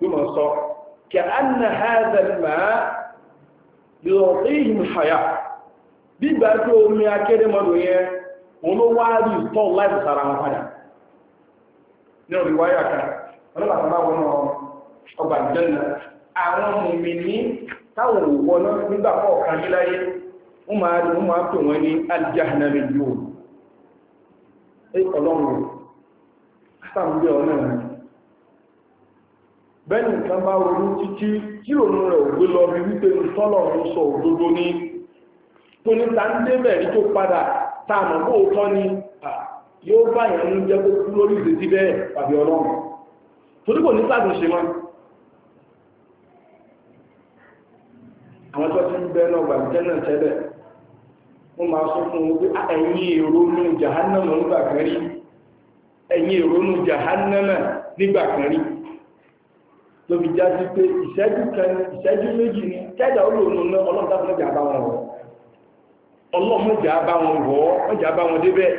bí wọ́n sọ kẹ anna haya bígbà tó omi akérèmọ́dò yẹn wọn ló wá rí ìtọ́ láti sára wọn padà ní orí wáyà kan ọlọ́pàá wọn ọgbà ìjọ́nà ọlọ́run sàmúlé ọ̀nà rẹ̀ bẹ́ẹ̀ni bá títí tí òun rẹ̀ ògbé lọ wípé tọ́lọ̀ ń sọ òdodo ní tó ní ta ń débẹ̀ rí tó padà táàmù kó tọ́ ni yóò bá jẹ́ kó kú lórí bẹ́ẹ̀ tàbí ọlọ́run kò ní ṣe àwọn ti ń náà ẹ̀yìn ìrónú jahannama nígbà kan rí ló fi já pé ìṣẹ́jú kan ìṣẹ́jú méjì ni tẹ́jà olóòrùn náà ọlọ́dá fún ìjà bá wọn wọ̀ ọlọ́mọjà bá wọn wọ̀ ọjà bá wọn débẹ̀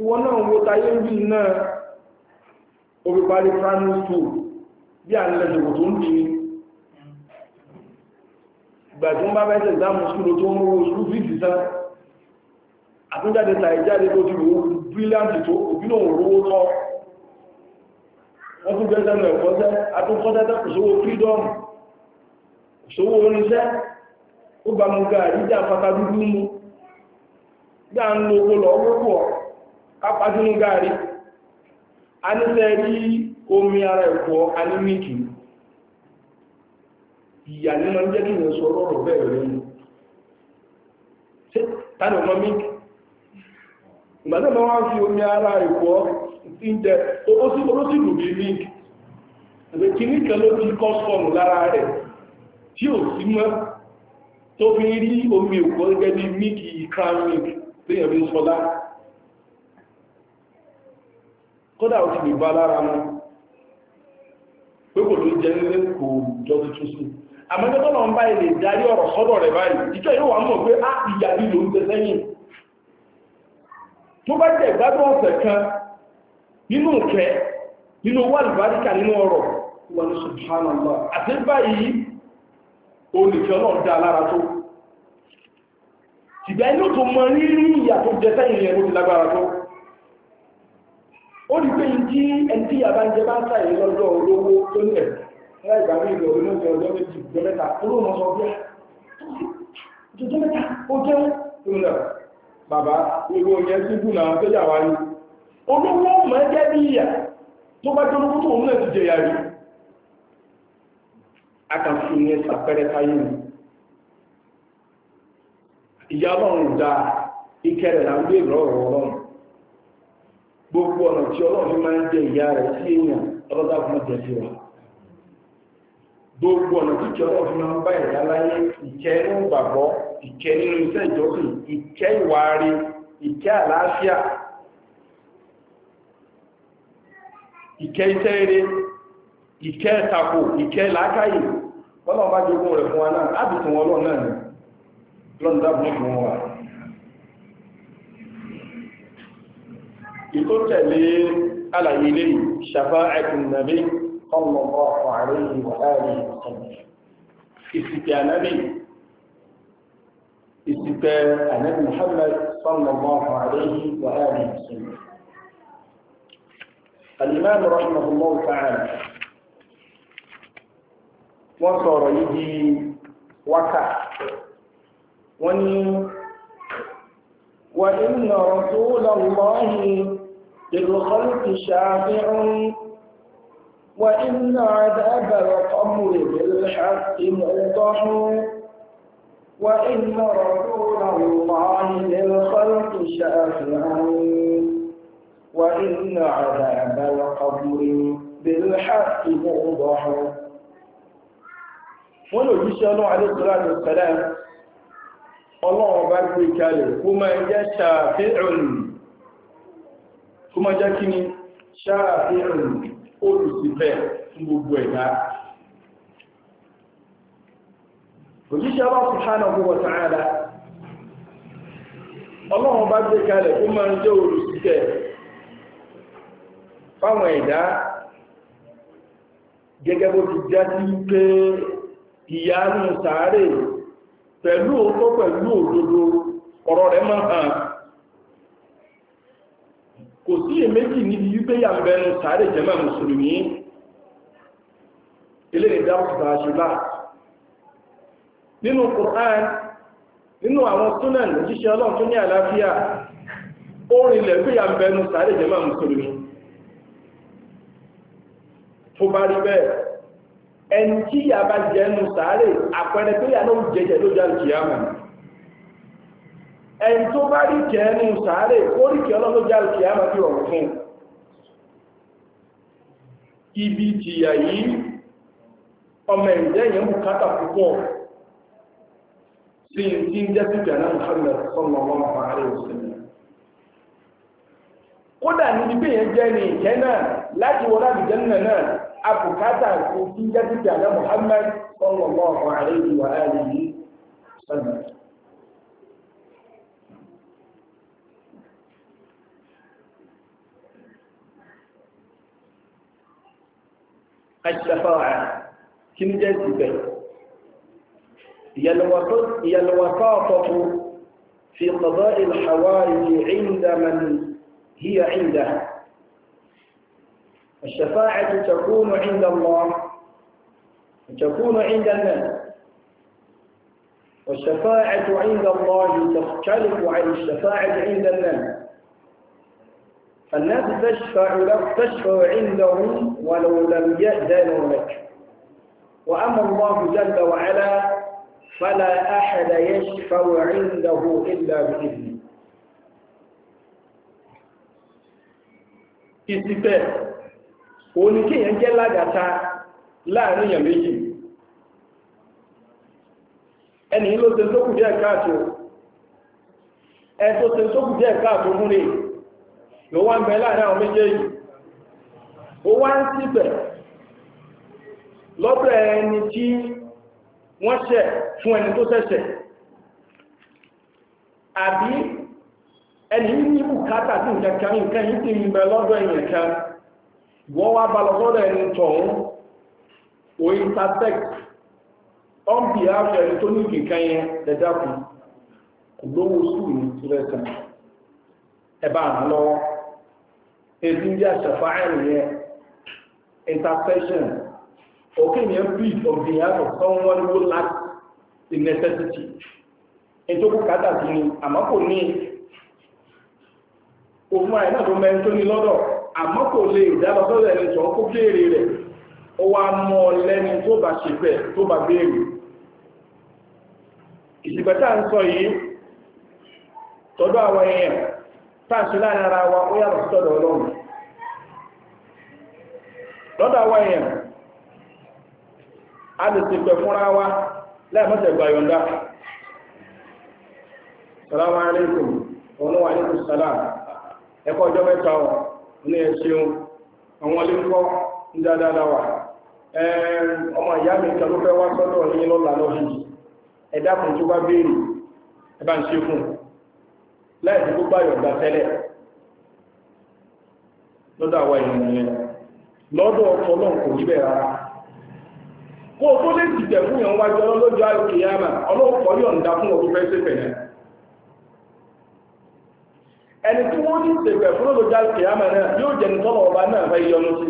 ìwọ náà wo tayé rí náà orí parí primary school bí a nílẹ̀ ṣòkò tó ń bí ní ìgbà tó ń rówó ìlú àtúnjáde tàìjáde tó ti wò ó tó òbí náà rówó tọ́ wọ́n tún gẹ́gẹ́ lọ ẹ̀kọ́sẹ́ atúnkọ́sẹ́ tẹ́kù fídọ́mù sówó oníṣẹ́ ó bá mú fata dúdú mú gbá ń lo owó lọ wọ́pọ̀ gáàrí a rí omi ara ẹ̀kọ́ anímìkì ìyà nínú bẹ́ẹ̀ rẹ̀ mú ìgbàdé bá wọ́n fi omi ara ìpọ̀ ìjẹ olóṣìlú bí ní ẹ̀bẹ̀ kí ní kẹló e kọ́ sọ́nù lára rẹ̀ tí ò sí mọ́ tó fi omi ìpọ̀ gẹ́gẹ́ bí míkì crowning léyàn bí sọ́lá kódà ò ti lè bá lára mọ́ pé kò ló jẹ́ nílé kò jọ ti àmọ́jọ́ ń báyìí lè darí ọ̀rọ̀ sọ́dọ̀ rẹ̀ báyìí wà mọ̀ ah, tó bá jẹ́ ìgbádùn ọ̀sẹ̀ kan nínú ìfẹ́ nínú wà lùbáríkà nínú ọ̀rọ̀ wọn subhanallah àti báyìí olùfẹ́ náà dá lára tó ìgbà inú tó mọ rírí ìyà tó jẹ sẹ́yìn rẹ̀ ó ti lágbára tó ó rí pé ìdí ẹ̀ntí àbájẹ bá sáyé lọ́jọ́ olówó tó ń tẹ̀ láì gbà mí ìlú orílẹ̀ èdè ọjọ́ méjì jọ mẹ́ta olóòmọ́sọ bí i jọ mẹ́ta ó jẹ́ bàbá irú oyin síbù làwọn sójà wá ní olówó mọ̀ jẹ́ bí ìyà tó bá tó òun náà ti jẹ yàrí akàfi ní sàpẹrẹ káyé ni ìyá ọlọ́run da ìkẹrẹ là ọlọ́run gbogbo ọ̀nà tí ọlọ́run máa ń jẹ ìyá rẹ̀ sí èèyàn ọlọ́dà fún ọjọ́ sí wa gbogbo ọ̀nà tí ọlọ́run máa ń bá ìyá láyé gbàgbọ́ ìkẹ́ nínú iṣẹ́ ìjọsìn ìkẹ́ ìwárí ìkẹ́ àlàáfíà ìkẹ́ iṣẹ́ eré ìkẹ́ ẹ̀tàkù ìkẹ́ làákàyè wọ́n náà bá jogún rẹ̀ fún wa náà ábìtàn wọn lọ́nà náà lọ́nà dábùn fún wa ìtò tẹ̀lé alàyé lè ṣàfá ẹ̀kùn nàbí ọmọ ọ̀pọ̀ àrẹ́ ìwà láàrin ìsìnkú ànábì اتباع النبي محمد صلى الله عليه واله وسلم الامام رحمه الله تعالى وصار به وكا وني وان رسول الله للخلق شافع وان عذاب القبر بالحق مرتاح وإن رسول الله للخلق شافعين وإن عذاب القبر بالحق موضح wọ́n lò jíṣẹ́ ọlọ́run alẹ́sọ́láàdì sẹ́lẹ̀ ọlọ́run bá gbé kalẹ̀ kó máa jẹ́ ṣàfihàn kó máa jẹ́ kí ni ṣàfihàn olùsìfẹ́ fún gbogbo ẹ̀dá òjíṣẹ́ bá subhanahu wa ta'ala ọlọ́run bá gbé kalẹ̀ kó máa ń jẹ́ olùsíkẹ̀ fáwọn ẹ̀dá gẹ́gẹ́ bó ti já sí pé ìyanu sàárè pẹ̀lú òótọ́ pẹ̀lú òdodo ọ̀rọ̀ rẹ̀ máa hàn kò sí èméjì níbi wípé yàmbẹ̀nu sàárè jẹ́mà mùsùlùmí ilé ìdáwọ̀sà ṣe nínú Qur'an nínú àwọn sunan òjíṣẹ́ ọlọ́run tó ní àlàáfíà orin ilẹ̀ pé yàmbẹ̀nu sàárè jẹ́mà mùsùlùmí tó bá rí bẹ́ẹ̀ ẹni tí yà bá jẹ́nu sàárè àpẹẹrẹ pé yà náà jẹjẹ ló jáde kìyàmà ibi ìjìyà yìí ọmọ ìjẹ́yìn bùkátà púpọ̀ tí tí ń jẹ́ pípẹ̀ náà Muhammad sallallahu ibe wasallam kódà ní ibi yẹn jẹ́ ní ìjẹ́ náà láti wọ́n láti jẹ́ náà abùkátà kò tí ń jẹ́ pípẹ̀ náà Muhammad هي الوساطة في قضاء الحوائج عند من هي عنده الشفاعة تكون عند الله وتكون عند الناس والشفاعة عند الله تختلف عن الشفاعة عند الناس الناس تشفع لك تشفع عندهم ولو لم يأذنوا لك وأما الله جل وعلا فلا أحد يشفع عنده إلا بإذنه ìsìfẹ́ òun ni kíyàn jẹ́ lágàta láàrin èèyàn méjì ẹni ló tẹ́ tó kù díẹ̀ káàtò ẹ tó tẹ́ tó kù díẹ̀ káàtò mú rí ló wá ń bẹ láàrin àwọn méjèèjì ó wá ń síbẹ̀ lọ́dọ̀ ẹni tí wọ́n ṣẹ̀ fún ẹni tó ṣẹ̀ṣẹ̀ àbí ẹni ní bùkátà sí nǹkan nǹkan yìí ti ń bẹ lọ́dọ̀ èèyàn kan wọ́n wá bá lọ́dọ̀ ẹni tọ̀hún ò intersect on behalf ẹni tó ní nǹkan yẹn lẹ́dàkùn kò lówó sùúrù ní túrẹ́sàn ẹ̀bá àná lọ́wọ́ èdè ń jẹ́ àṣàfà ẹ̀rù yẹn intercession òkè yẹn bí on behalf of someone who lack the necessity ètò kò sí ni àmọ́ ní òfin àìsàn tó mẹ́rin tó ní lọ́dọ̀ àmọ́ kò lè dábọ̀ sọ́dọ̀ ẹni sọ kó béèrè rẹ̀ ó wá mọ́ lẹ́ni tó bá ṣe tó bá ń sọ yìí tọ́dọ̀ àwọn èèyàn láìmọ́sẹ̀ gba yọ̀ndá salamu alaikum ọlọ́wà ní kùsàlá ẹkọ́ ọjọ́ mẹ́ta ọ̀ ní ẹ̀ṣẹun àwọn olóńkọ́ ń dáadáa ọmọ ìyá mi kan fẹ́ wá sọ́dọ̀ ní lọ́la bá lọ́dọ̀ kò rí kó tó lè dìtẹ̀ fún ìyàn wájú ọlọ́jọ́ àìkèyàmà ọlọ́pọ̀ yọ̀ǹda fún ọdún fẹ́ sí pẹ̀lẹ̀ ẹni tí wọ́n ní ìsẹ̀fẹ̀ fún ọlọ́jọ́ àìkèyàmà náà yóò jẹ́ nítọ́lọ̀ ọba náà fẹ́ yọnu sí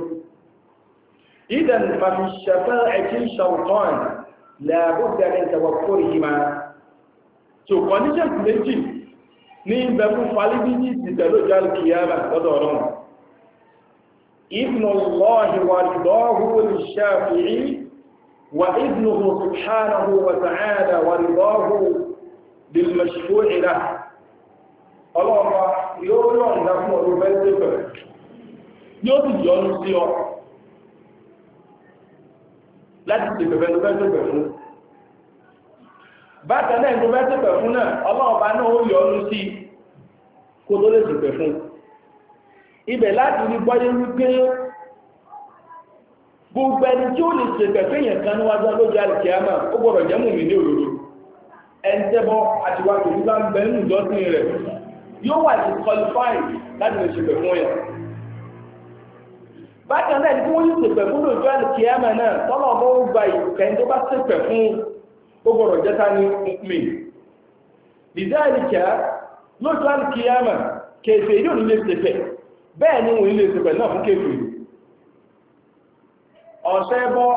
idan mafi ṣẹfẹ́ ẹ̀kí ṣàwùtọ́n lẹ́gbẹ̀ẹ́ ní tẹwọ́kọ́ yìí máa tó condition méjì ní ibẹ̀ fún falibiji ìsẹ̀fẹ̀ lọ́jọ́ àìkèyàmà lọ́dọ̀ ọlọ́run wa ridahu al-shafi'i وإذنه سبحانه وتعالى ورضاه بالمشفوع له ọlọ́ọ̀pá yóò lọ ìdákùn ọdún fẹ́sẹ̀ bẹ̀rẹ̀ yóò sì yọnu sí ọ láti bákan náà ló fẹ́sẹ̀ bẹ̀rẹ̀ fún náà ọlọ́ọ̀pá náà ó yọnu sí kó tó lè fún ibẹ̀ láti rí gbọ́yé wípé gbogbo ẹni tí ó lè ṣe pẹ̀fẹ́ yẹn kan níwájú lójú àrìkẹ́ àmà ó gbọ́dọ̀ jẹ́ mùmí ní òdodo ẹni tẹ́bọ́ àti wá tòbí bá ń bẹ nínú ìjọsìn rẹ̀ yóò wà ní qualified láti lè ṣe pẹ̀fún yẹn bákan náà ní kí wọ́n yóò ṣe pẹ̀fún lójú àrìkẹ́ àmà náà tọ́lọ̀ ọmọ ó gba ìkẹyìn tó bá ṣe pẹ̀fún ó gbọ́dọ̀ jẹ́ ta ní mi ìdá àrìkẹ́ lójú àrìkẹ́ àmà kèfèé yóò ní lè ṣe pẹ̀ bẹ́ẹ̀ ọ̀sẹ̀ bọ́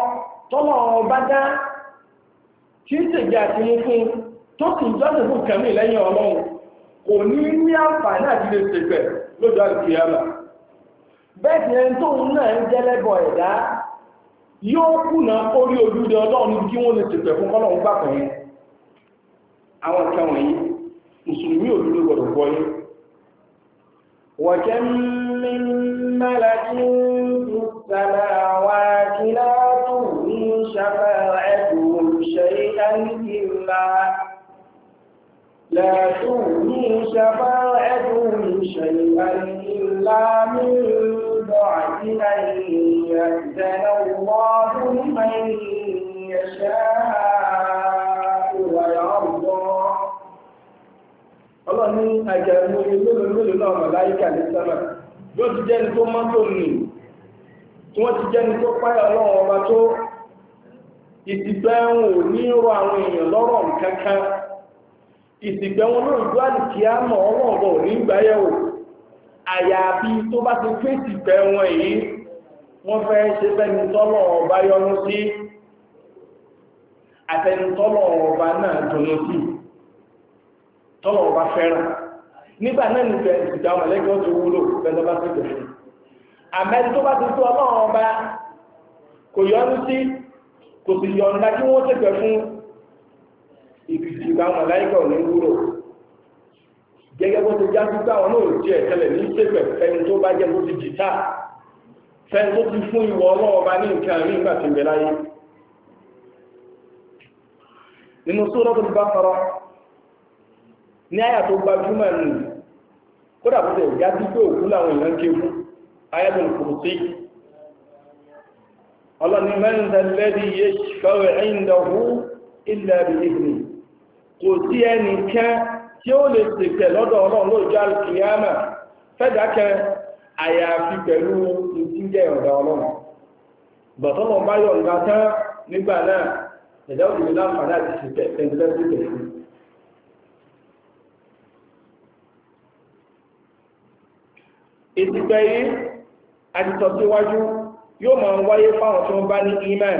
tọ́lọ̀ ọba dá tí ń tèjì àti mú fún tó sì ń jọ́sìn fún kẹ̀mí lẹ́yìn ọlọ́run kò ní ní àǹfààní àti lè ṣègbẹ̀ lójọ́ àgbìyàmà bẹ́ẹ̀ sì ẹni tóun náà ń jẹ́lẹ́bọ̀ ẹ̀dá yóò kùnà orí ojúde ọlọ́run kí wọ́n lè ṣègbẹ̀ fún kọ́lọ́run لا تغني شفاعتهم شيئا إلا من بعد أن يأذن الله لمن يشاء ويرضى ọlọ́run ní àjẹ̀mú mélòó mélòó náà màláìkà ní sẹ́mà yóò ti jẹ́ni tó mọ́tò nì tí wọ́n ti jẹ́ni ń wò ní àwọn èèyàn lọ́rọ̀ nǹkan kan ìsìgbẹ́ wọn lórí ìgbáàlì kí á mọ̀ ọlọ́ọ̀bọ̀ ní ìgbáyẹ̀wò àyàbí tó bá ti pé ìsìgbẹ́ wọn èyí wọ́n fẹ́ ṣe fẹ́ni tọ́lọ̀ ọba yọ́nú sí àtẹni tọ́lọ̀ ọba náà dùnú sí tọ́lọ̀ ọba fẹ́ràn nígbà náà nígbà ìsìgbà ìgbà àwọn màláíkà ò ní wúrò gẹ́gẹ́ bó ti já sí pé àwọn náà jẹ́ ẹ̀tẹ́lẹ̀ ní ṣẹ́fẹ̀ fẹ́ni tó bá jẹ́ bó ti jìtá fẹ́ni tó ti fún ìwọ ọlọ́wọ́ bá ní nǹkan rí nígbà tí ń bẹ láyé nínú Suratul Baqara ní àyà tó gbajúmọ̀ nù kódà bó ti kò sí ẹnìkan tí ó lè ṣèpẹ̀ lọ́dọ̀ ọlọ́run lóòjọ́ alìkìyàmà fẹ́dà kan àyàfi pẹ̀lú ìdíjẹ́ ọ̀dọ̀ ọlọ́run bọ̀tọ́lọ̀ bá yọ̀ ǹgbà tán nígbà náà ẹ̀dá òdìmí láǹfààní àti ṣèpẹ̀ pẹ̀lú pẹ̀lú ìsìpẹ̀ yìí àti tọ̀síwájú yóò máa ń wáyé fáwọn tí wọ́n bá ní imán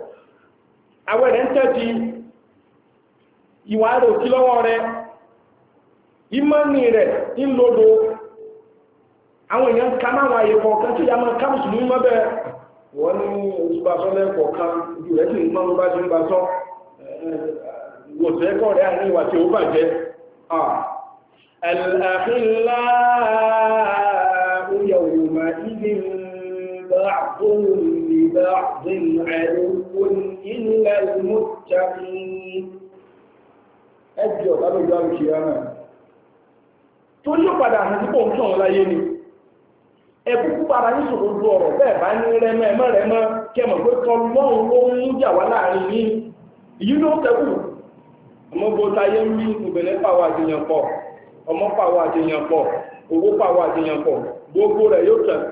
àwẹ̀ rẹ̀ ń tẹ́tí ìwà rẹ̀ òkí lọ́wọ́ rẹ̀ ìmọ́ni rẹ̀ ń lòdò àwọn èèyàn ká máwọn àyè kọ̀ọ̀kan tí ìyàmọ̀ ká mùsùlùmí mọ́ wọ́n ní oṣùbàṣọ́ lẹ́kọ̀ọ̀kan بعضهم لبعض عدو إلا المتقين ẹjọ́ lábẹ́jọ́ àrùkìyà náà tó yóò padà hàn sí pọ̀ tán láyé ni ẹkùnkú para ní ṣòro ju ọ̀rọ̀ bẹ́ẹ̀ bá ní rẹmọ ẹmọ rẹmọ kẹmọ̀ pé tọlọ́run ló ń mú jà wá láàrin yìí èyí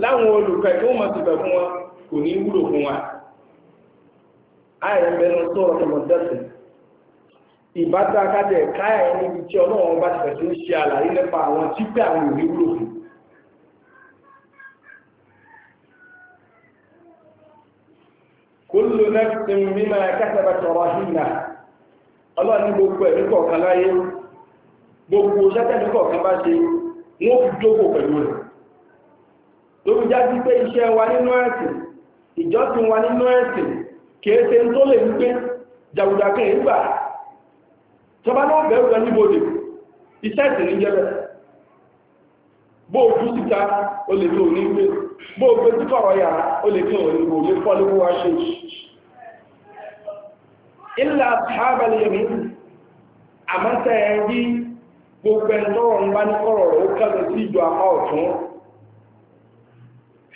láwọn olùkọ́ tí wọ́n mọ̀ sí bẹ̀ fún wọn kò ní wúlò fún wa ayẹ̀mẹ́nu sọ̀rọ̀ tó mọ̀ dẹ́sẹ̀ ìbátá kájẹ̀ káyà ẹni ibi tí ọlọ́run bá ti fẹ̀ sí ń ṣe àlàyé nípa àwọn tí pé àwọn òní fún kullu nafsin lórí jáde pé iṣẹ́ wa nínú ẹ̀sìn ìjọsìn wa nínú ẹ̀sìn kee tó lè ń pé jàgùdàkẹ́ ìgbà tọba náà bẹ̀rù lọ níbodè iṣẹ́ ẹ̀sìn ní jẹ́bẹ̀ bóòjú síta ó lè tó ní gbé bóògbé títọ̀ ọ̀rọ̀ o lè tó ní lè fọ́ lówó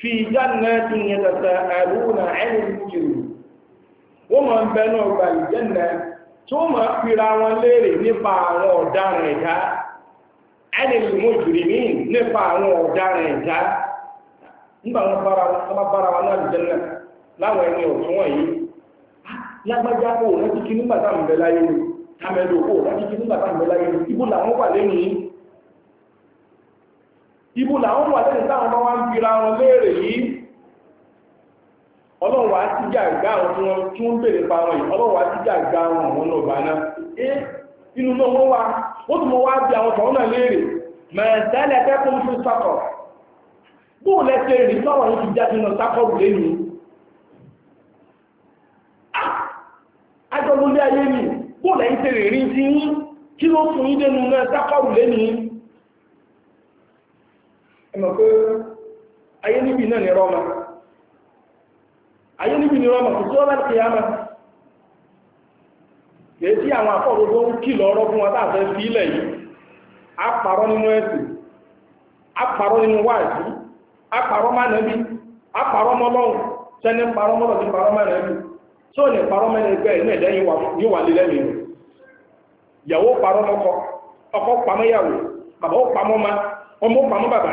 fi jannatin yatasaaluna 'anil mujrim wọ́n máa ń bẹnu ọgbà ìjẹ́nà tí wọ́n máa pira wọn léèrè nípa àwọn ọ̀daràn ẹ̀dá 'anil mujrimin nípa àwọn ọ̀daràn ẹ̀dá nígbà wọn bára wọn bára wọn náà láwọn ẹni ọ̀tún ah, lágbájá kò rántí kí nígbà táwọn bẹ láyé ni ibu làwọn wà lẹ́yìn táwọn bá wá ń bira wọn léèrè yìí ọlọ́run wá jà àwọn tí wọ́n tún bèèrè pa wọn yìí ọlọ́run wá sí jà gbá àwọn àwọn náà bá náà ẹ inú náà wọ́n wá wọ́n tún wá bí àwọn náà léèrè lẹ́sẹ̀ sọ́wọ́ yìí ti jáde náà sákọ̀ ẹmọ̀ pé ayé níbi náà ni rọ́mà ayé níbi ni rọ́mà kò tó láti yáma kìí sí àwọn afọ́gbogbo ń kí fún rọ́gbọ́n wọn láàfẹ́ sí ilẹ̀ yìí àpàrọ̀ nínú ẹ̀sìn àpàrọ̀ nínú wáàsí àpàrọ̀ mánàbí àpàrọ̀ mọ́lọ́run ní ọmọ bàbá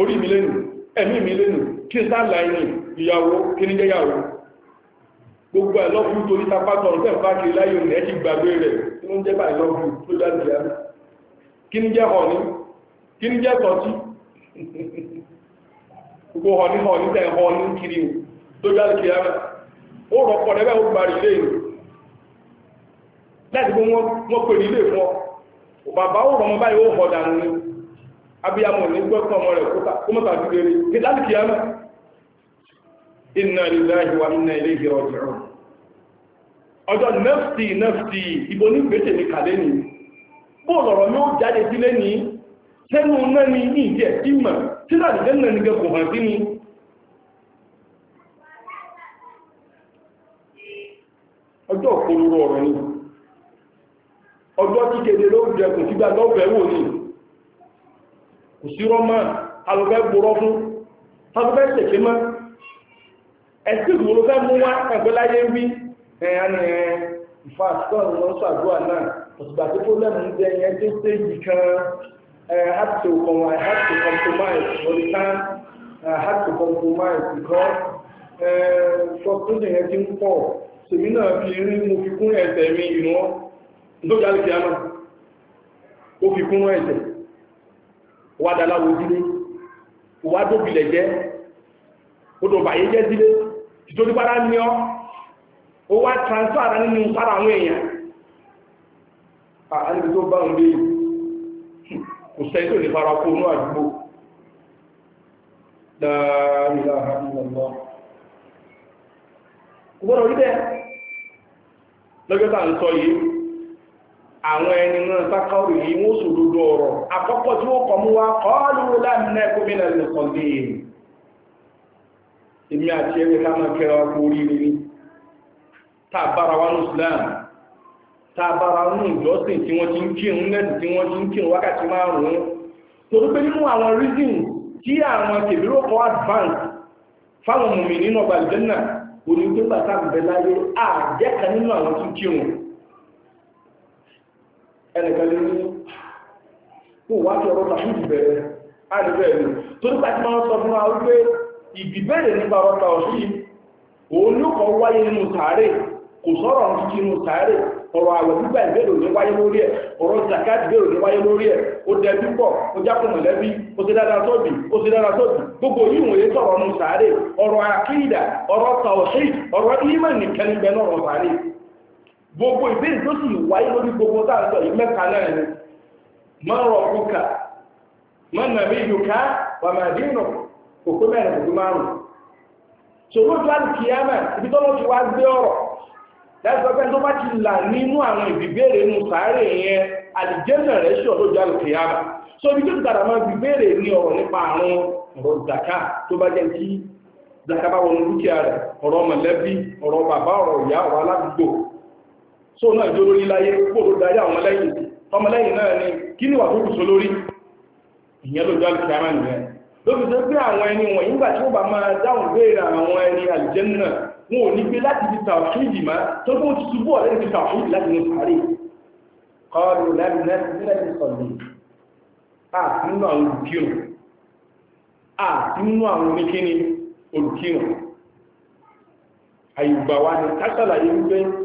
orí mi lẹ́nu ẹ̀mí mi lẹ́nu kí n ìyàwó kí ní jẹ́yàwó gbogbo tó ní tapátọ̀ ọ̀rọ̀ tẹ́m̀fà kiri láyé òní ti gbàgbé rẹ̀ tó kí ní jẹ́ láti gbogbo wọn pè ní ilé fún ọ bàbá ó báyìí ó dànù ni abiyamọ ní gbọ́kọ̀ ọmọ rẹ̀ kúta kó mọ́ta ti rere ní láti kìí àmà inna lillahi wa inna ilayhi raji'un ọjọ́ nẹ́fì nẹ́fì ìbò ní gbẹ́tẹ̀ ní kàlẹ́ ní bóòlọ̀rọ̀ ló jáde sílé ní sẹ́nu náà ní ìjẹ́ ìmọ̀ tí láti kò sí rọ́mà alùpẹ́ gbòrọ́ fún alùpẹ́ tẹ̀kẹ́ ìgbòrò fẹ́ mú wá ẹgbẹ́láyé wí ẹ̀yàní ẹ̀ ìfàṣọ́ ìwọ̀n náà òṣùgbà tí fólẹ́mù ń jẹ́ yẹn tó séjì kan have to compromise for the time have to compromise wá dá láwo dílé wá dóbilẹ̀ jẹ́ odò bàyé jẹ́ dílé ìtòdí padà ní ọ́ ó wá transfer ara nínú para àwọn èèyàn àníbi tó bá ń lé kò tó lè fara kó ní àdúgbò dáàrínlá àmìlọ́mọ́ gbọ́nà àwọn ẹni náà sákàwì yìí wọ́n sòdodo ọ̀rọ̀ àkọ́kọ́ tí ó kọmú wá kọ́ọ̀lù láàrin ẹkùnmínà lẹ́kọ̀ọ́lẹ́ èmi àti ẹgbẹ́ ká máa kẹra ọkọ̀ oríire ní tàbára wá ní Islam tàbára ní ìjọsìn tí wọ́n ti ń kírun lẹ́sìn tí wọ́n ti ń kírun wákàtí márùn-ún torí pé nínú àwọn reason tí àwọn kèbíró kan advance fáwọn mùmí nínú ọgbà ìjẹ́nà onígbégbà tàbí bẹ́láyé àjẹ́kà nínú àwọn tí kírun ẹnìkan lè ní kó wá sí ọ̀rọ̀ tàbí bẹ̀rẹ̀ àdìbẹ̀ ìlú tó nípa ti máa sọ fún wa wípé ìdìbẹ̀rẹ̀ nípa ọ̀rọ̀ tàbí sí òun ló kọ́ wáyé nínú sàárè kò sọ̀rọ̀ ọ̀rọ̀ kíkí nínú sàárè ọ̀rọ̀ àwẹ̀ gbígbà ìbéèrè òní wáyé lórí ẹ̀ ọ̀rọ̀ zakat ìbéèrè òní wáyé lórí ẹ̀ ó dẹbí pọ̀ ó jápọ̀ mọ̀lẹ́bí ó ti dára sóbì ó ti dára sóbì gbogbo yìí gbogbo ìbéèrè tó sì wáyé lórí gbogbo táàtọ̀ yìí mẹ́ta náà ni man rabbuka man nabiyyuka wa ma dinuka òkú mẹ́rin òkú márùn-ún ibi ti wá gbé ọ̀rọ̀ tó bá ti là nínú àwọn ìbìbéèrè so ibi tó ti dàrà máa bìbéèrè ní ọ̀rọ̀ nípa àrùn ọ̀rọ̀ zaka tó bá jẹ́ kí zaka bá wọnú dúkìá rẹ̀ ọ̀rọ̀ mọ̀lẹ́bí ọ̀rọ̀ So náà jó lórí láyé gbogbo darí àwọn ọmọlẹ́yìn ọmọlẹ́yìn náà ni kí ni wà tó kù sólórí ìyẹn ló jọ àlùkí ara nìyẹn ló fi sọ pé àwọn ẹni wọ̀nyí nígbà tí ó bá máa dáhùn béèrè àwọn ẹni àlùjẹ́nà wọn ò ní gbé láti fi tàwíìdì má tó kó ti túbọ̀ lẹ́yìn fi tàwíìdì láti ní sàárè kọlù lẹ́nu ni ká wípé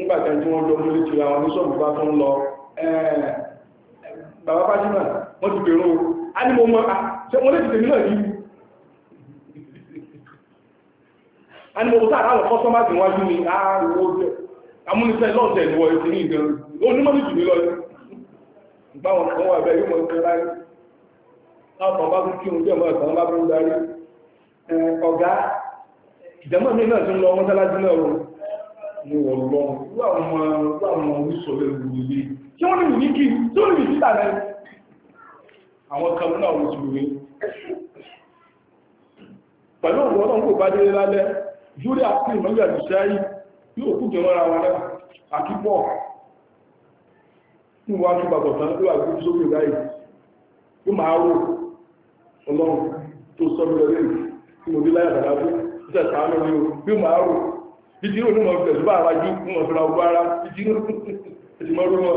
nígbàtẹ̀ tí wọ́n lọ múlé tí àwọn oníṣọ́bù bá tún lọ bàbá fájúmà wọ́n ti bèèrè a ní mo mọ́ ṣe wọ́n lè ti tèmi náà yìí a ní mo sáà láwọn kọ́sọ́mà tí wájú ni amúnisẹ́ lọ́ọ̀tẹ̀ ìwọ̀ ìsinmi ìgbẹ̀rún ó ní mọ́ ní jù mí lọ ìgbàwọn kan wà bẹ́ẹ̀ yóò mọ̀ ìpínlẹ̀ láwọn bá tún kí oúnjẹ mọ́ ẹ̀sán bá mi náà tún lọ mọ́sálásí náà ní ọlọ́run wọ́n àwọn ọmọ oníṣòwò ewu ilé tí wọ́n lè ní kí tí ó lè títà rẹ̀ àwọn kan náà wọ́n ti rí pẹ̀lú ọ̀rọ̀ ọ̀rọ̀ kò bá dé lálẹ́ yúrí àti ìmọ̀lẹ̀ àdìsáyì yóò kú jẹmọ́ ara wọn àti pọ̀ ní wọ́n tún bàbọ̀ tán ló àgbé sókè báyìí tó máa rò ọlọ́run tó sọ bí ọlẹ́rìí tí mo dé láyà bàbá bí ó tẹ̀sán títí ní onímọ̀ ọ̀gbẹ̀ tó bá wájú fún ọ̀sọ̀rọ̀ ọgbọ́ ara títí ní ìtìmọ̀ rúmọ̀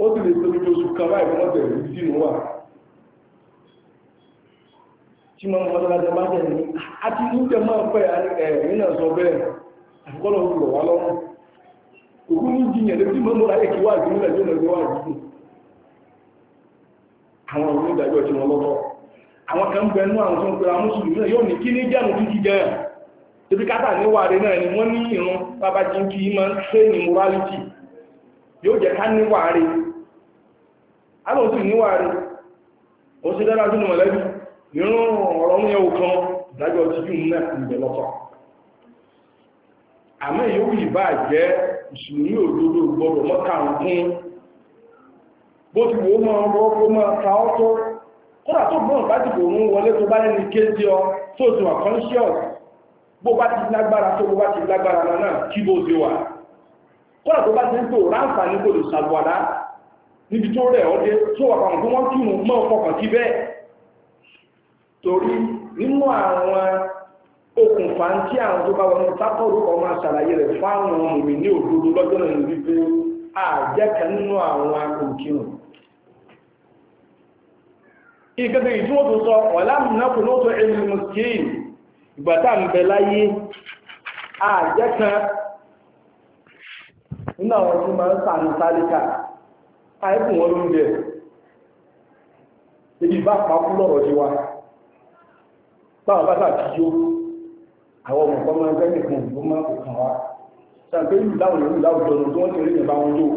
ó sì lè tóbi tó oṣù kan báyìí wọ́n bẹ̀rẹ̀ títí ní wà tí ma ń wọ́n lára jẹmá jẹ ní àti ní jẹmá pẹ́ ẹ̀rin náà sọ bẹ́ẹ̀ àfikọ́lọ̀ ń lọ wá lọ́rùn òkú ní jiyàn lè fi mọ́ mọ́ra àwọn kan gbẹnú àwọn tó ń pẹ̀lú amúsùlùmí náà yóò ní kí ní jẹ́nu títí jẹ́ ibi kátà ní wàrí náà ni wọ́n ní ìrún bàbá jí kí í máa ń ṣe ní morality yóò jẹ́ ká ní wàrí àwọn òsì ní wàrí ó sì dára sínú mọ̀lẹ́bí ìrún ọ̀rọ̀ ń yẹ̀wò kan ìdájọ́ ti jù náà ń bẹ̀ lọ́tọ̀ àmọ́ yóò ìbá jẹ́ ìṣùlùmí òdodo gbọdọ̀ mọ́ta ń bó ti wò ó máa rọ́ ta ọ́ kódà tó bọ́ ìbájìbò òun wọlé tó bá lẹ́nu kéjì ọ tó ti wà conscious bó bá ti lágbára tó bó bá ti lágbára lọ náà kí bó ti wà kódà tó bá ti ń pè ó ráǹfà ní kò lè ṣàlùwàdá níbi tó rẹ̀ ọdẹ tó wà pàmò tó wọ́n kírun mọ́ ọkọ̀kan kí bẹ́ẹ̀ torí nínú àwọn okùnfà ń tí àwọn tó bá wọnú sápọ̀rù ọmọ àṣàlàyé rẹ̀ fáwọn ọmọ mi ní òdodo lọ́jọ́ náà ní wípé àjẹ́kẹ́ nínú àwọn akùnkírun ìgbẹ́gbẹ́ ìtúwòtò sọ ọ̀lámùnákùnótò ìlúmùsíìn ìgbàtà ń bẹ láyé àjẹ́kan nínú àwọn tí ma ń sàánù sálíkà àìkùn wọn lóúnjẹ ibi bá pàápù lọ́rọ̀ sí wa báwọn bá sàtí yó àwọn ọmọ kan máa ń fẹ́ nìkan ló máa kò kàn wá sàgbé ìlú láwọn ìlú láwùjọ tó wọ́n ti rí ìyẹn bá wọn yóò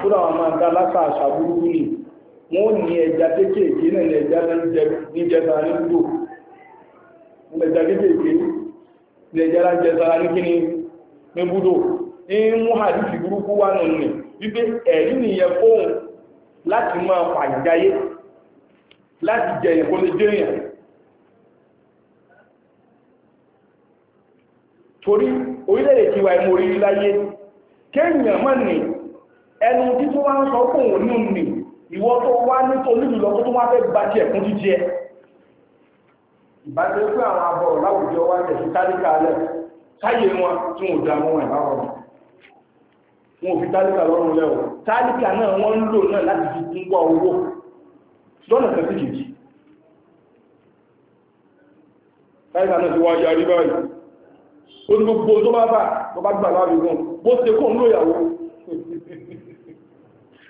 kúrò àwọn máa dá látà àṣà burúkú nìí wọ́n ní ẹja kéékèèké náà ní ẹja níjẹta ní gbò ẹja kéékèèké ní ẹja lájẹta ní kíní ní búdó ní mú àdífì burúkú wà nù nì wípé ẹ̀rí nìyẹ fóhùn láti máa pàjáyé láti jẹ ìkó lè jẹ́yàn torí orílẹ̀-èdè tiwa ìmòrí láyé kéèyàn mọ́ ni ẹnu títún wá ń sọ fóhùn nù nì ìwọ tó wá ní tó nílùú lọ tó wá fẹ́ gba tí ẹ̀kún jíjẹ ìbájẹ́ pé àwọn abọ̀ láwùjọ wá jẹ̀ sí tálíkà alẹ́ káyé wọn tí wọ́n dá wọn ẹ̀bá wọn wọn ò fi tálíkà lọ́rùn lẹ́wọ̀ tálíkà náà wọ́n ń lò náà láti fi tún gbọ́ owó lọ́nà kan sí kejì tálíkà náà ti wá yarí báyìí ó ní gbogbo tó bá bà tó bá gbà láàrin wọn bó ṣe kó ń lóyàwó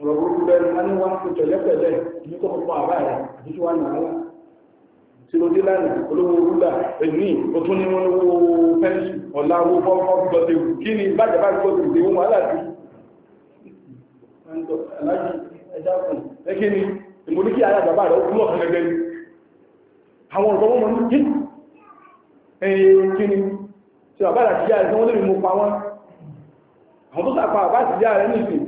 ọ̀rọ̀ orúkú bẹ́ẹ̀ wọ́n ní wọ́n kò tẹ̀lẹ́tẹ̀lẹ́ ní kọ́ fún àbá rẹ̀ àti tí wọ́n nà á tí ó dé lánàá olówó rúlà èmi ó tún ní wọn lówó pẹ́ńsì ọ̀la owó fọ́fọ́ gbọ́dẹ̀ kí ni bàjẹ́ bá gbọ́dẹ̀ ìdè wọn wàhálà sí. aláàjì ẹja kùn ẹ kí ni ìmọ̀lúkì ara bàbá rẹ̀ tí bàbá rẹ̀ àtijọ́ rẹ̀ wọ́n lè mú pa wọn àwọn tó sàpá bàbá àtijọ́ rẹ̀ nìsín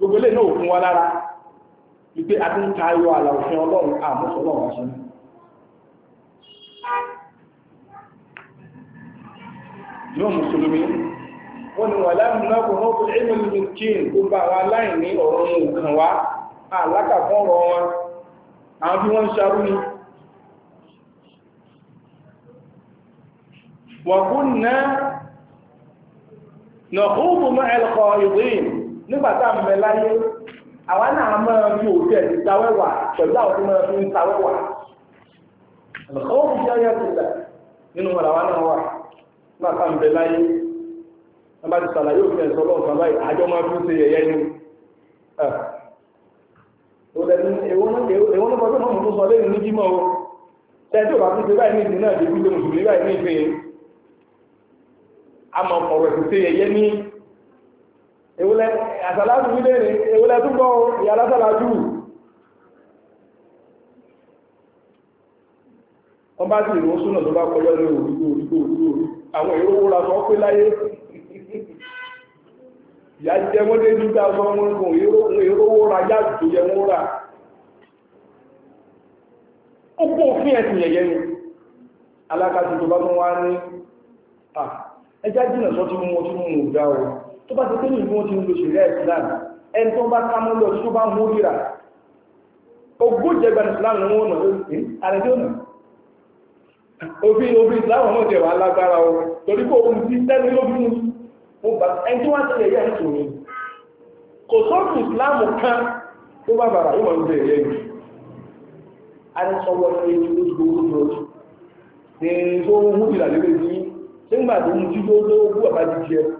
gbogbo ilé náà òkun wá lára wípé a ti ń ta ayọ̀ àlà òfin ọlọ́run àmúṣọ́lọ́ wá sí yóò mùsùlùmí wọ́n ni wà láàrín náà kò náà kò ẹ̀mí lè kí gbogbo àwọn aláìní ọ̀rọ̀ nǹkan wá alákàkọ́ wọn àwọn bí wọ́n ń ṣarú ni wọ̀kún náà nà bùnmọ́ ẹ̀lọ́kọ̀ ìwé ìlú nígbà tá à ń bẹ láyé àwa náà máa fi òkè ẹ̀ tawẹ́wà pẹ̀lú àwọn tó máa fi ń tawẹ́wà ọ̀rọ̀ fi jẹ́ ayé kùtà nínú wọn àwa náà wà nígbà tá à ń bẹ láyé wọn bá ti sàlàyé òfin ẹ̀sọ́ lọ́wọ́ kan báyìí àjọ máa fi ń ṣe yẹ̀yẹ́ ni èwọ́n náà bọ́ sọ́mọ́ tó sọ lẹ́yìn o tẹ́jú bá tún ṣe báyìí ní ìdí náà dé bí lóhùn sí ní ewúlẹ̀ àsàlátù wílé rẹ̀ ewúlẹ̀ túnbọ̀ ìyà lásàlátù wọ́n bá ti ìrò súnà tó bá kọjọ́ ní orígbò orígbò orígbò àwọn èrò wúra tó pé láyé ìyá jẹ wọ́n dé nígbà sọ wọn kò èrò wúra já tó yẹ wọ́n rà ó kó òfin ẹ̀sìn yẹ̀yẹ́ ni alákàtì tó bá tún wá ní ẹjá jìnà sọ tí mo tí mo dá o tó bá ti pé yìí wọ́n ti ń lo ṣẹ̀ríà islam ẹni tó bá kámọ́ lọ tí ó bá mú ríra ogójì ẹgbẹ́ islam ni wọ́n nà ó sí àrẹ́jọ́ nà òfin òfin islam ọmọ ìjẹ̀wà alágbára o torí kó ohun tí sẹ́ni lóbin mo bá ẹni tó wá sílẹ̀ yẹ́ ń tò mí kò sọ́ọ̀tù islam kan tó bá bàrà yóò máa ń bẹ̀rẹ̀ yẹn arẹ́sọ́wọ́ ní ojú ojú ojú ní tó ń mú ìlàlẹ́gbẹ̀ẹ́ sí nígbà tó ń jí tó lówó àbájíjẹ́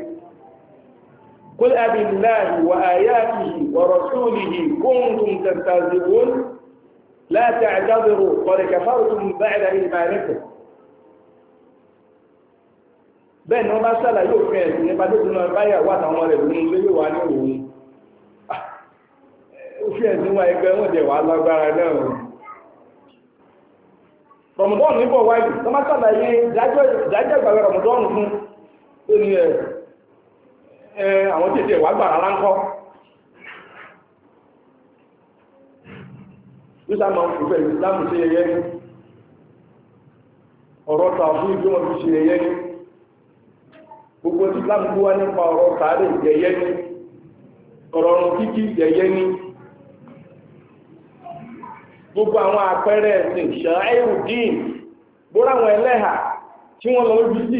قل أب الله وآياته ورسوله كنتم تستهزئون لا تعتذروا قد كفرتم بعد إيمانكم bẹ́ẹ̀ ni wọ́n bá sálà yóò fi ẹ̀sìn nípa tó tún lọ báyà wà táwọn rẹ̀ lórí ló yóò wà ní òun òfin ẹ̀sìn wa ẹgbẹ́ wọn jẹ̀ wà lágbára náà rọ̀mùdọ́ọ̀nù ń bọ̀ wáyé wọ́n bá sálà yé dájọ́ ìgbàgbé rọ̀mùdọ́ọ̀nù fún ó ní ẹ̀sìn àwọn tètè wà gbà rárá ń kọ́ islam àwọn òṣìṣẹ́ ní ọ̀rọ̀ tààfù ìlú wọn fi ṣe yẹyẹ ní gbogbo islam kú wá nípa ọ̀rọ̀ tààrí yẹyẹ ní ní gbogbo àwọn àpẹẹrẹ ẹ̀sìn bóra ẹlẹ́hà tí wọ́n lọ lójú sí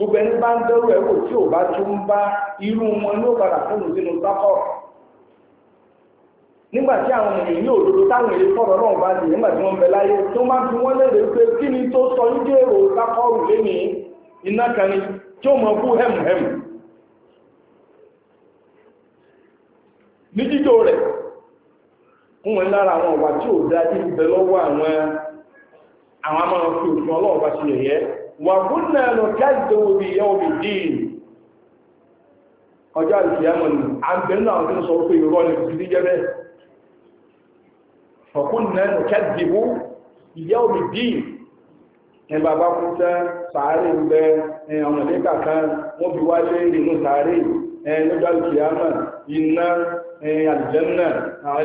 gbogbo ẹni bá ń dẹ́rù ẹ̀wò tí ò bá tún bá irú wọn ní ó padà fóònù sínú sákọ̀ nígbà ihe àwọn èèyàn ní òdodo táwọn èèyàn fọ̀rọ̀ náà bá lè nígbà tí wọ́n bẹ láyé tó máa fi wọ́n pé kí ni tó sọ èrò léni iná kan tí ó mọ̀ kú ní rẹ̀ fún wàhúnnà lọ káàdì òbí yọ́bí dìín ọjọ́ ìfìyàmọ̀nì àbẹ̀nà àwọn tó sọ pé ìrọ́ ní ìdí jẹ́bẹ̀ wàhúnnà lọ káàdì bú yọ́bí dìín ní bàbá fún tẹ́ sàárè ń bẹ ọmọ ilé kàkan wọ́n fi wáyé nínú sàárè lọ́jọ́ ìfìyàmọ̀ iná àlùjẹ́mọ̀ àwọn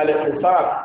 ẹlẹ́njọ́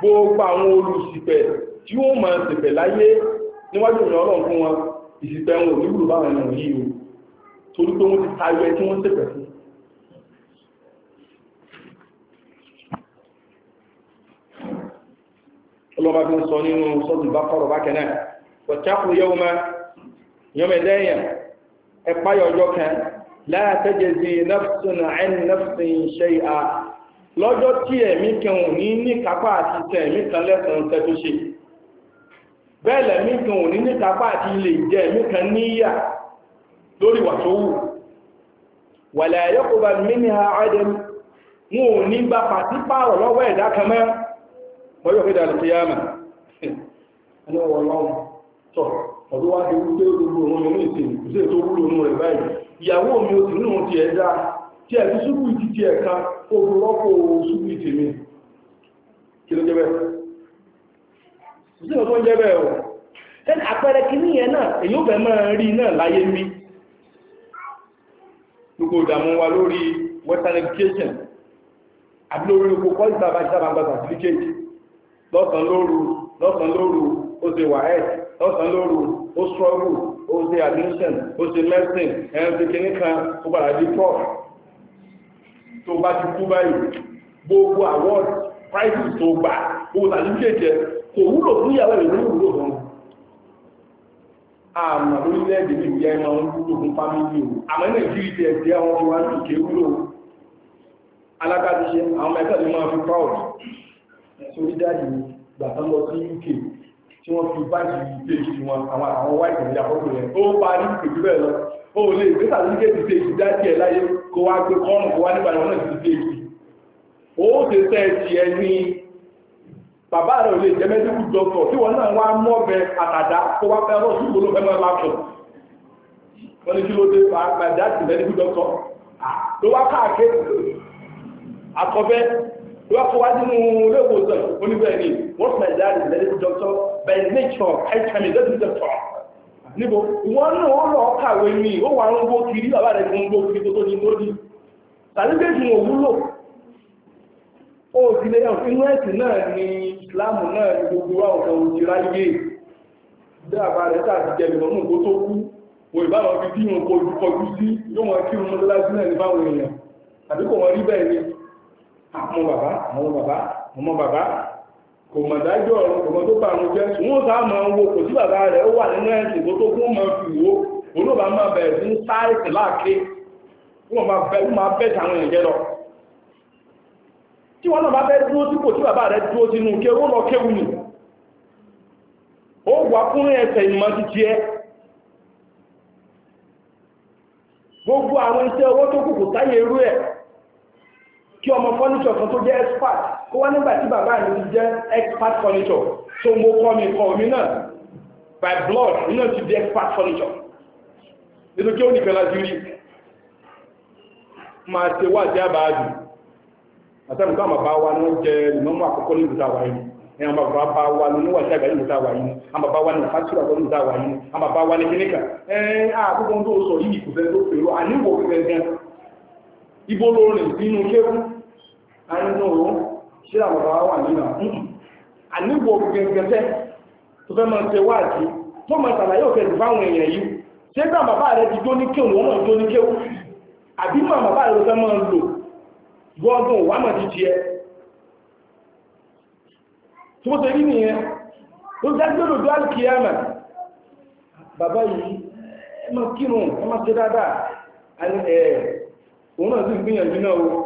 gbogbo àwọn olùsìpẹ̀ tí ó mọ̀ ṣìpẹ̀ láyé níwájú ìrìn ọlọ́run fún wọn ìsìpẹ̀ wọn ò níwùrù báwọn ẹ̀nà yìí o torí pé wọ́n ti tayọ tí wọ́n ṣìpẹ̀ fún ọlọ́ba fi ń sọ nínú sọ́dún bá kọ́rọ̀ bákẹ́ náà lọ́jọ́ tí ẹ̀mí kan ò ní ní kápá àti tẹ ẹ̀mí kan lẹ́sàn tẹ tó ṣe bẹ́ẹ̀ lẹ̀mí kan ò ní ní kápá àti ilé ìjẹ ẹ̀mí kan níyà lórí wà tó wù wala yaqbal minha adam wọn ò ní gba pàtípàrọ̀ lọ́wọ́ ẹ̀dá kan mẹ́ kó rọ́pò ṣúgbì tèmi kí ló jẹ́ bẹ́ẹ̀ sí ọ̀tọ́ jẹ́ bẹ́ẹ̀ ọ̀ tẹ́lì àpẹẹrẹ kì ní yẹn náà èyí ò bẹ̀ máa rí náà láyé mi gbogbo ìdàmú wa lórí western education àbí lórí oko kọ́ ìsàbà ìsàbà gbàgbà sílíkéèjì lọ́sàn lóru lọ́sàn lóru ó ṣe wàhẹ́ lọ́sàn lóru ó struggle ó ṣe admission ó ṣe medicine ẹ̀rọ ti kìnnìkan ó padà tó bá ti kú báyìí gbogbo award prices tó gbà owó tàbí kéèjẹ kò wúlò fún ìyàwó rẹ̀ ní ìwúlò fún àmà lórílẹ̀-èdè ní ìyá ẹmà ń wúlò fún fámílì o àmọ́ nàìjíríà ti ẹ̀dẹ́ àwọn ọmọ wa ní ìké wúlò alágbàtíṣe àwọn mẹ́ta ni máa fi proud sórí dájì gbàtán lọ sí UK tí wọ́n fi báyìí ìgbéjì tí wọ́n àwọn àwọn wáìtì ní àkókò rẹ̀ ó parí ìpèjú bẹ́ẹ̀ lọ ó lè gbé sàlùkẹ́ ti ṣe ìdájì ẹ̀ láyé kó wá gbé kọ́ọ̀nù kó wá nígbà ìwọ̀n náà ti dé ibi ó ṣe tẹ́ ẹ ti ẹni bàbá rẹ̀ ò lè jẹ́ mẹ́díkù dọ́kọ̀ tí wọ́n náà wá mú ọ̀bẹ àtàdá kó wá fẹ́ rọ́ọ̀sì gbóló fẹ́ máa lápò wọ́n ní kí ló dé fa àgbàdá ti mẹ́díkù dọ́kọ̀ ló wá káàkiri àkọ́fẹ́ ló wá kó wá nínú ilé ìwòsàn oníbẹ̀ẹ́ni what's my níbo wọ́n náà ó lọ kàwé mi ó wà ń gbó kiri bàbá rẹ̀ fún gbó kiri tó tó ní lórí tàbíbéjì wọn wúlò ó ti lè yàn inú ẹ̀sìn náà ni Islam náà ni gbogbo wa ọ̀sán òjì ráyé dáàbà rẹ̀ tàbí jẹ́bi lọ́nà ògbó tó kú wọ ìbáwọn fi bí wọn kojú kọjú sí yóò wọn kí wọn mọ́tọ́lájú náà ní báwọn èèyàn tàbí kò wọ́n rí bẹ́ẹ̀ ni àwọn bàbá àwọn bàbá àwọn bàbá kò mọ̀ tó bá àwọn jẹ́ wọ́n sá máa ń wo kò sí bàbá rẹ̀ ó wà nínú ẹ̀sìn tó tó fún máa fi wo olóòbá máa bẹ̀rẹ̀ sí sáìsì láàké wọ́n máa bẹ́ tàwọn èèyàn jẹ́ lọ tí gbogbo àwọn iṣẹ́ owó tó kù kí ọmọ fọ́nìṣọ̀ kan tó jẹ́ expert kó wá nígbà tí bàbá mi jẹ́ expert fọ́nìṣọ̀ tó mo kọ́ mi kọ́ mi náà by blood mi náà ti di expert fọ́nìṣọ̀ nínú kí ó nìkan láti rí máa ṣe wá sí àbáàdù àtẹ́mùtọ́ àmà bá wa ní jẹ ìmọ̀mọ́ àkọ́kọ́ ní ìgbìta wà yìí ni àmà bá bá wa ní wà sí àgbà ní ìgbìta wà yìí àmà bá wa ní fásitì àgbà ìgbìta wà yìí àmà wa ní kíníkà ẹ̀ẹ́n àkókò tó sọ yìí kò tó fèrò àníwò fẹ́ gan ibo nínú kéwù àìnúwò ṣe àwọ̀bá wà nínà àníwò gẹ̀gẹ̀gẹ̀ tó fẹ́ mọ́ ṣe wáàdí tó mọ́ ṣàlàyé òfẹ́ ìfáwọn èèyàn yìí ṣe bá bàbá rẹ̀ ti jóníkéwò wọ́n mọ̀ jóníkéwò àbí mọ̀ bàbá rẹ̀ fẹ́ mọ́ lò gbọ́gbọ́n wà mọ̀ títí ẹ tó ṣe rí nìyẹn tó dágbèrò tó alkiyama bàbá yìí ẹ mọ́ kírun ẹ mọ́ ṣe dáadáa òun náà sì gbìyànjú náà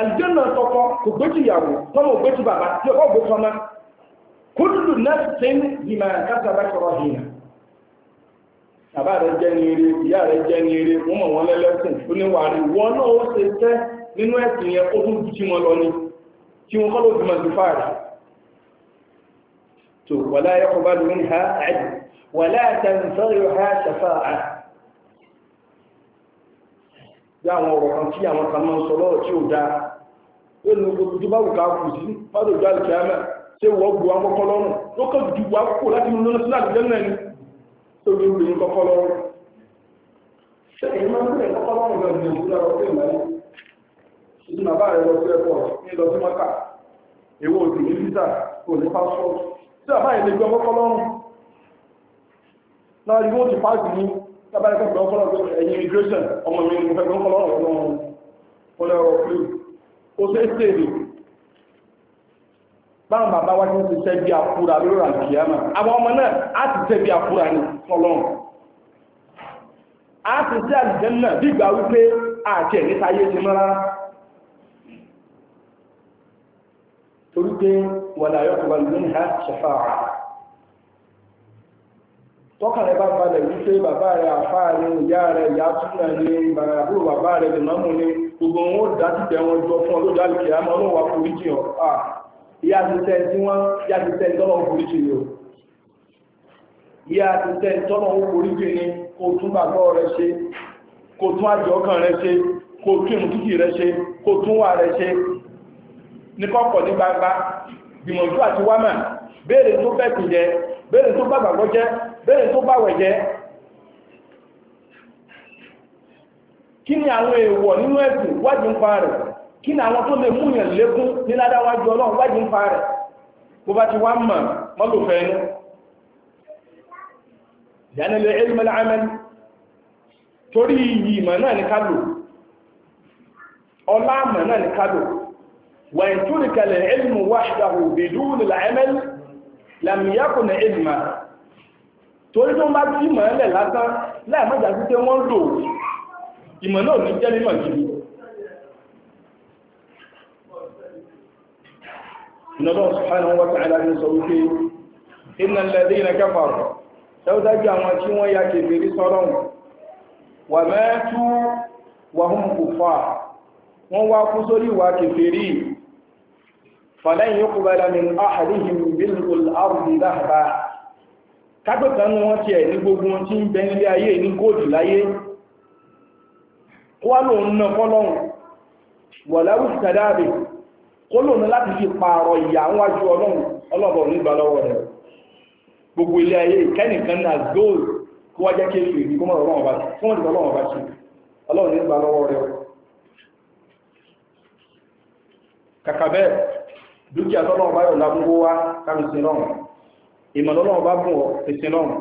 àlùjànnà tọkọ kò gbójú ìyàwó tọ́mọ gbójú bàbá tí ọkọ gbójú ọmọ kúlù náà ṣe ń bìmọ̀ kásá bá sọ̀rọ̀ hìnà bàbá rẹ̀ jẹ́ ní eré ìyá rẹ̀ jẹ́ ní eré wọ́n mọ̀ wọ́n lẹ́lẹ́sìn oníwàárí wọn náà ó ṣe tẹ́ bí àwọn ọ̀rọ̀ kan tí àwọn kan máa ń sọ lọ́rọ̀ tí ò dáa ó gbogbo tó bá wù ká kù sí fádò ìjọ àlùkẹ́ àmà ṣé wọ́n gbò wá kọ́kọ́ lọ́rùn ló kàn ju wá láti lọ́nà náà ni tó ní gbè ní kọ́kọ́ lọ́rùn. tábàlẹ̀ kọ́ ọ̀pọ̀ ọ̀pọ̀ ẹ̀yìn immigration ọmọ mi mo fẹ́ gbọ́n kọ́ lọ́rọ̀ ọ̀pọ̀ ọ̀pọ̀ ọ̀pọ̀ ó ṣe é ṣèlè báwọn bàbá wá ní ti ṣẹ́ bí àkúra lórí àjíyàmà àwọn ọmọ náà á ti ṣẹ́ bí àkúra ní fọlọ́n á ti ṣẹ́ àjíjẹ́ náà bí ìgbà wípé àti ẹ̀ní ti mọ́ rárá torí pé wọ̀dà yọkùnrin ní ha ṣẹfà rárá tọ́kàn rẹ bá balẹ̀ wípé bàbá rẹ àfá rẹ ìyá rẹ ìyá túnra ní àbúrò bàbá rẹ lèmọ́mù ní gbogbo wọn ó dá títẹ̀ wọn jọ fún ọlọ́dọ̀ àlùkè àmọ́ wọn wà forí jì ọ́ à ìyá ti tẹ́ tí wọ́n ìyá ti tẹ́ tọ́lọ́ forí jì ní o ìyá ti tẹ́ tọ́lọ́ forí jì ní kó tún bàbá rẹ ṣe kó tún àjọ ọkàn rẹ ṣe kó tún ìrùn kíkì rẹ ṣe kó tún wà rẹ ṣe ní kọ́kọ̀ ní gbangba gbìmọ̀jú àti wámà béèrè tó fẹ́ kìí jẹ béèrè tó bá gbàgbọ́ jẹ́ bẹ́ẹ̀ tó bá wẹ̀ jẹ́ kí ni àwọn èèwọ̀ nínú ẹ̀sìn wájú ń pa rẹ̀ kí ni àwọn tó lè múyàn lékún ní ládáwájú ọlọ́run wájú ń pa rẹ̀ bó bá ti wá mọ̀ mọ́lùfẹ́ inú ìdánilẹ̀ ilmẹ̀lẹ̀ torí iyì ìmọ̀ náà ní kálò torí tó ń bá tí ìmọ̀ ẹlẹ̀ lásán láìmọ́jà sí pé wọ́n lò ìmọ̀ náà ní jẹ́ mímọ̀ gidi ìnàbọ̀ subhanahu wa ta'ala ní sọ wípé innal ladhina kafaru dáúdájú àwọn tí wọ́n ya kèfèrí sọ́rọ̀n فلن يقبل من hum kuffar wọ́n wá kú kápẹ́kan ní wọ́n ti ẹ̀ ní gbogbo wọn tí ń bẹ nílé ayé ní góòdì láyé wá lòun náà fọ́lọ́run wọ̀ láwù tàdáàbì kó lòun láti fi pààrọ̀ ìyà wájú ọlọ́run ọlọ́bọ̀ ní kó rẹ̀ ìmọ̀lọ́lọ́wọ́ bá fún ọ tẹ̀sìn lọ́rùn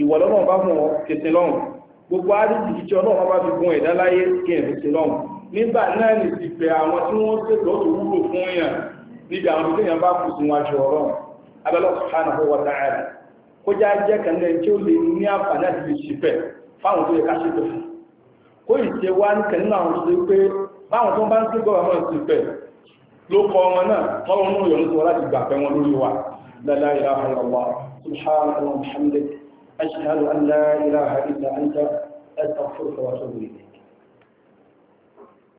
ìwọ̀lọ́lọ́wọ́ bá fún ọ tẹ̀sìn lọ́rùn gbogbo àdìsí tí ọlọ́wọ́ bá fi gun ẹ̀dá láyé kí ẹ̀ tẹ̀sìn lọ́rùn nígbà náà ní ti pẹ àwọn tí wọ́n ṣe tó tó wúlò fún èèyàn níbi àwọn tó yàn bá kù sí wọn aṣọ ọ̀rọ̀ abẹ́lọ́ subhanahu wa ta'ala kó já jẹ́ kan náà tí ó lè ní àǹfààní àti lè ṣe fẹ́ fáwọn tó láti gbà fẹ́ wọn lórí wa لا إله إلا الله سبحانك وبحمدك أشهد أن لا إله إلا أنت أستغفرك وأتوب إليك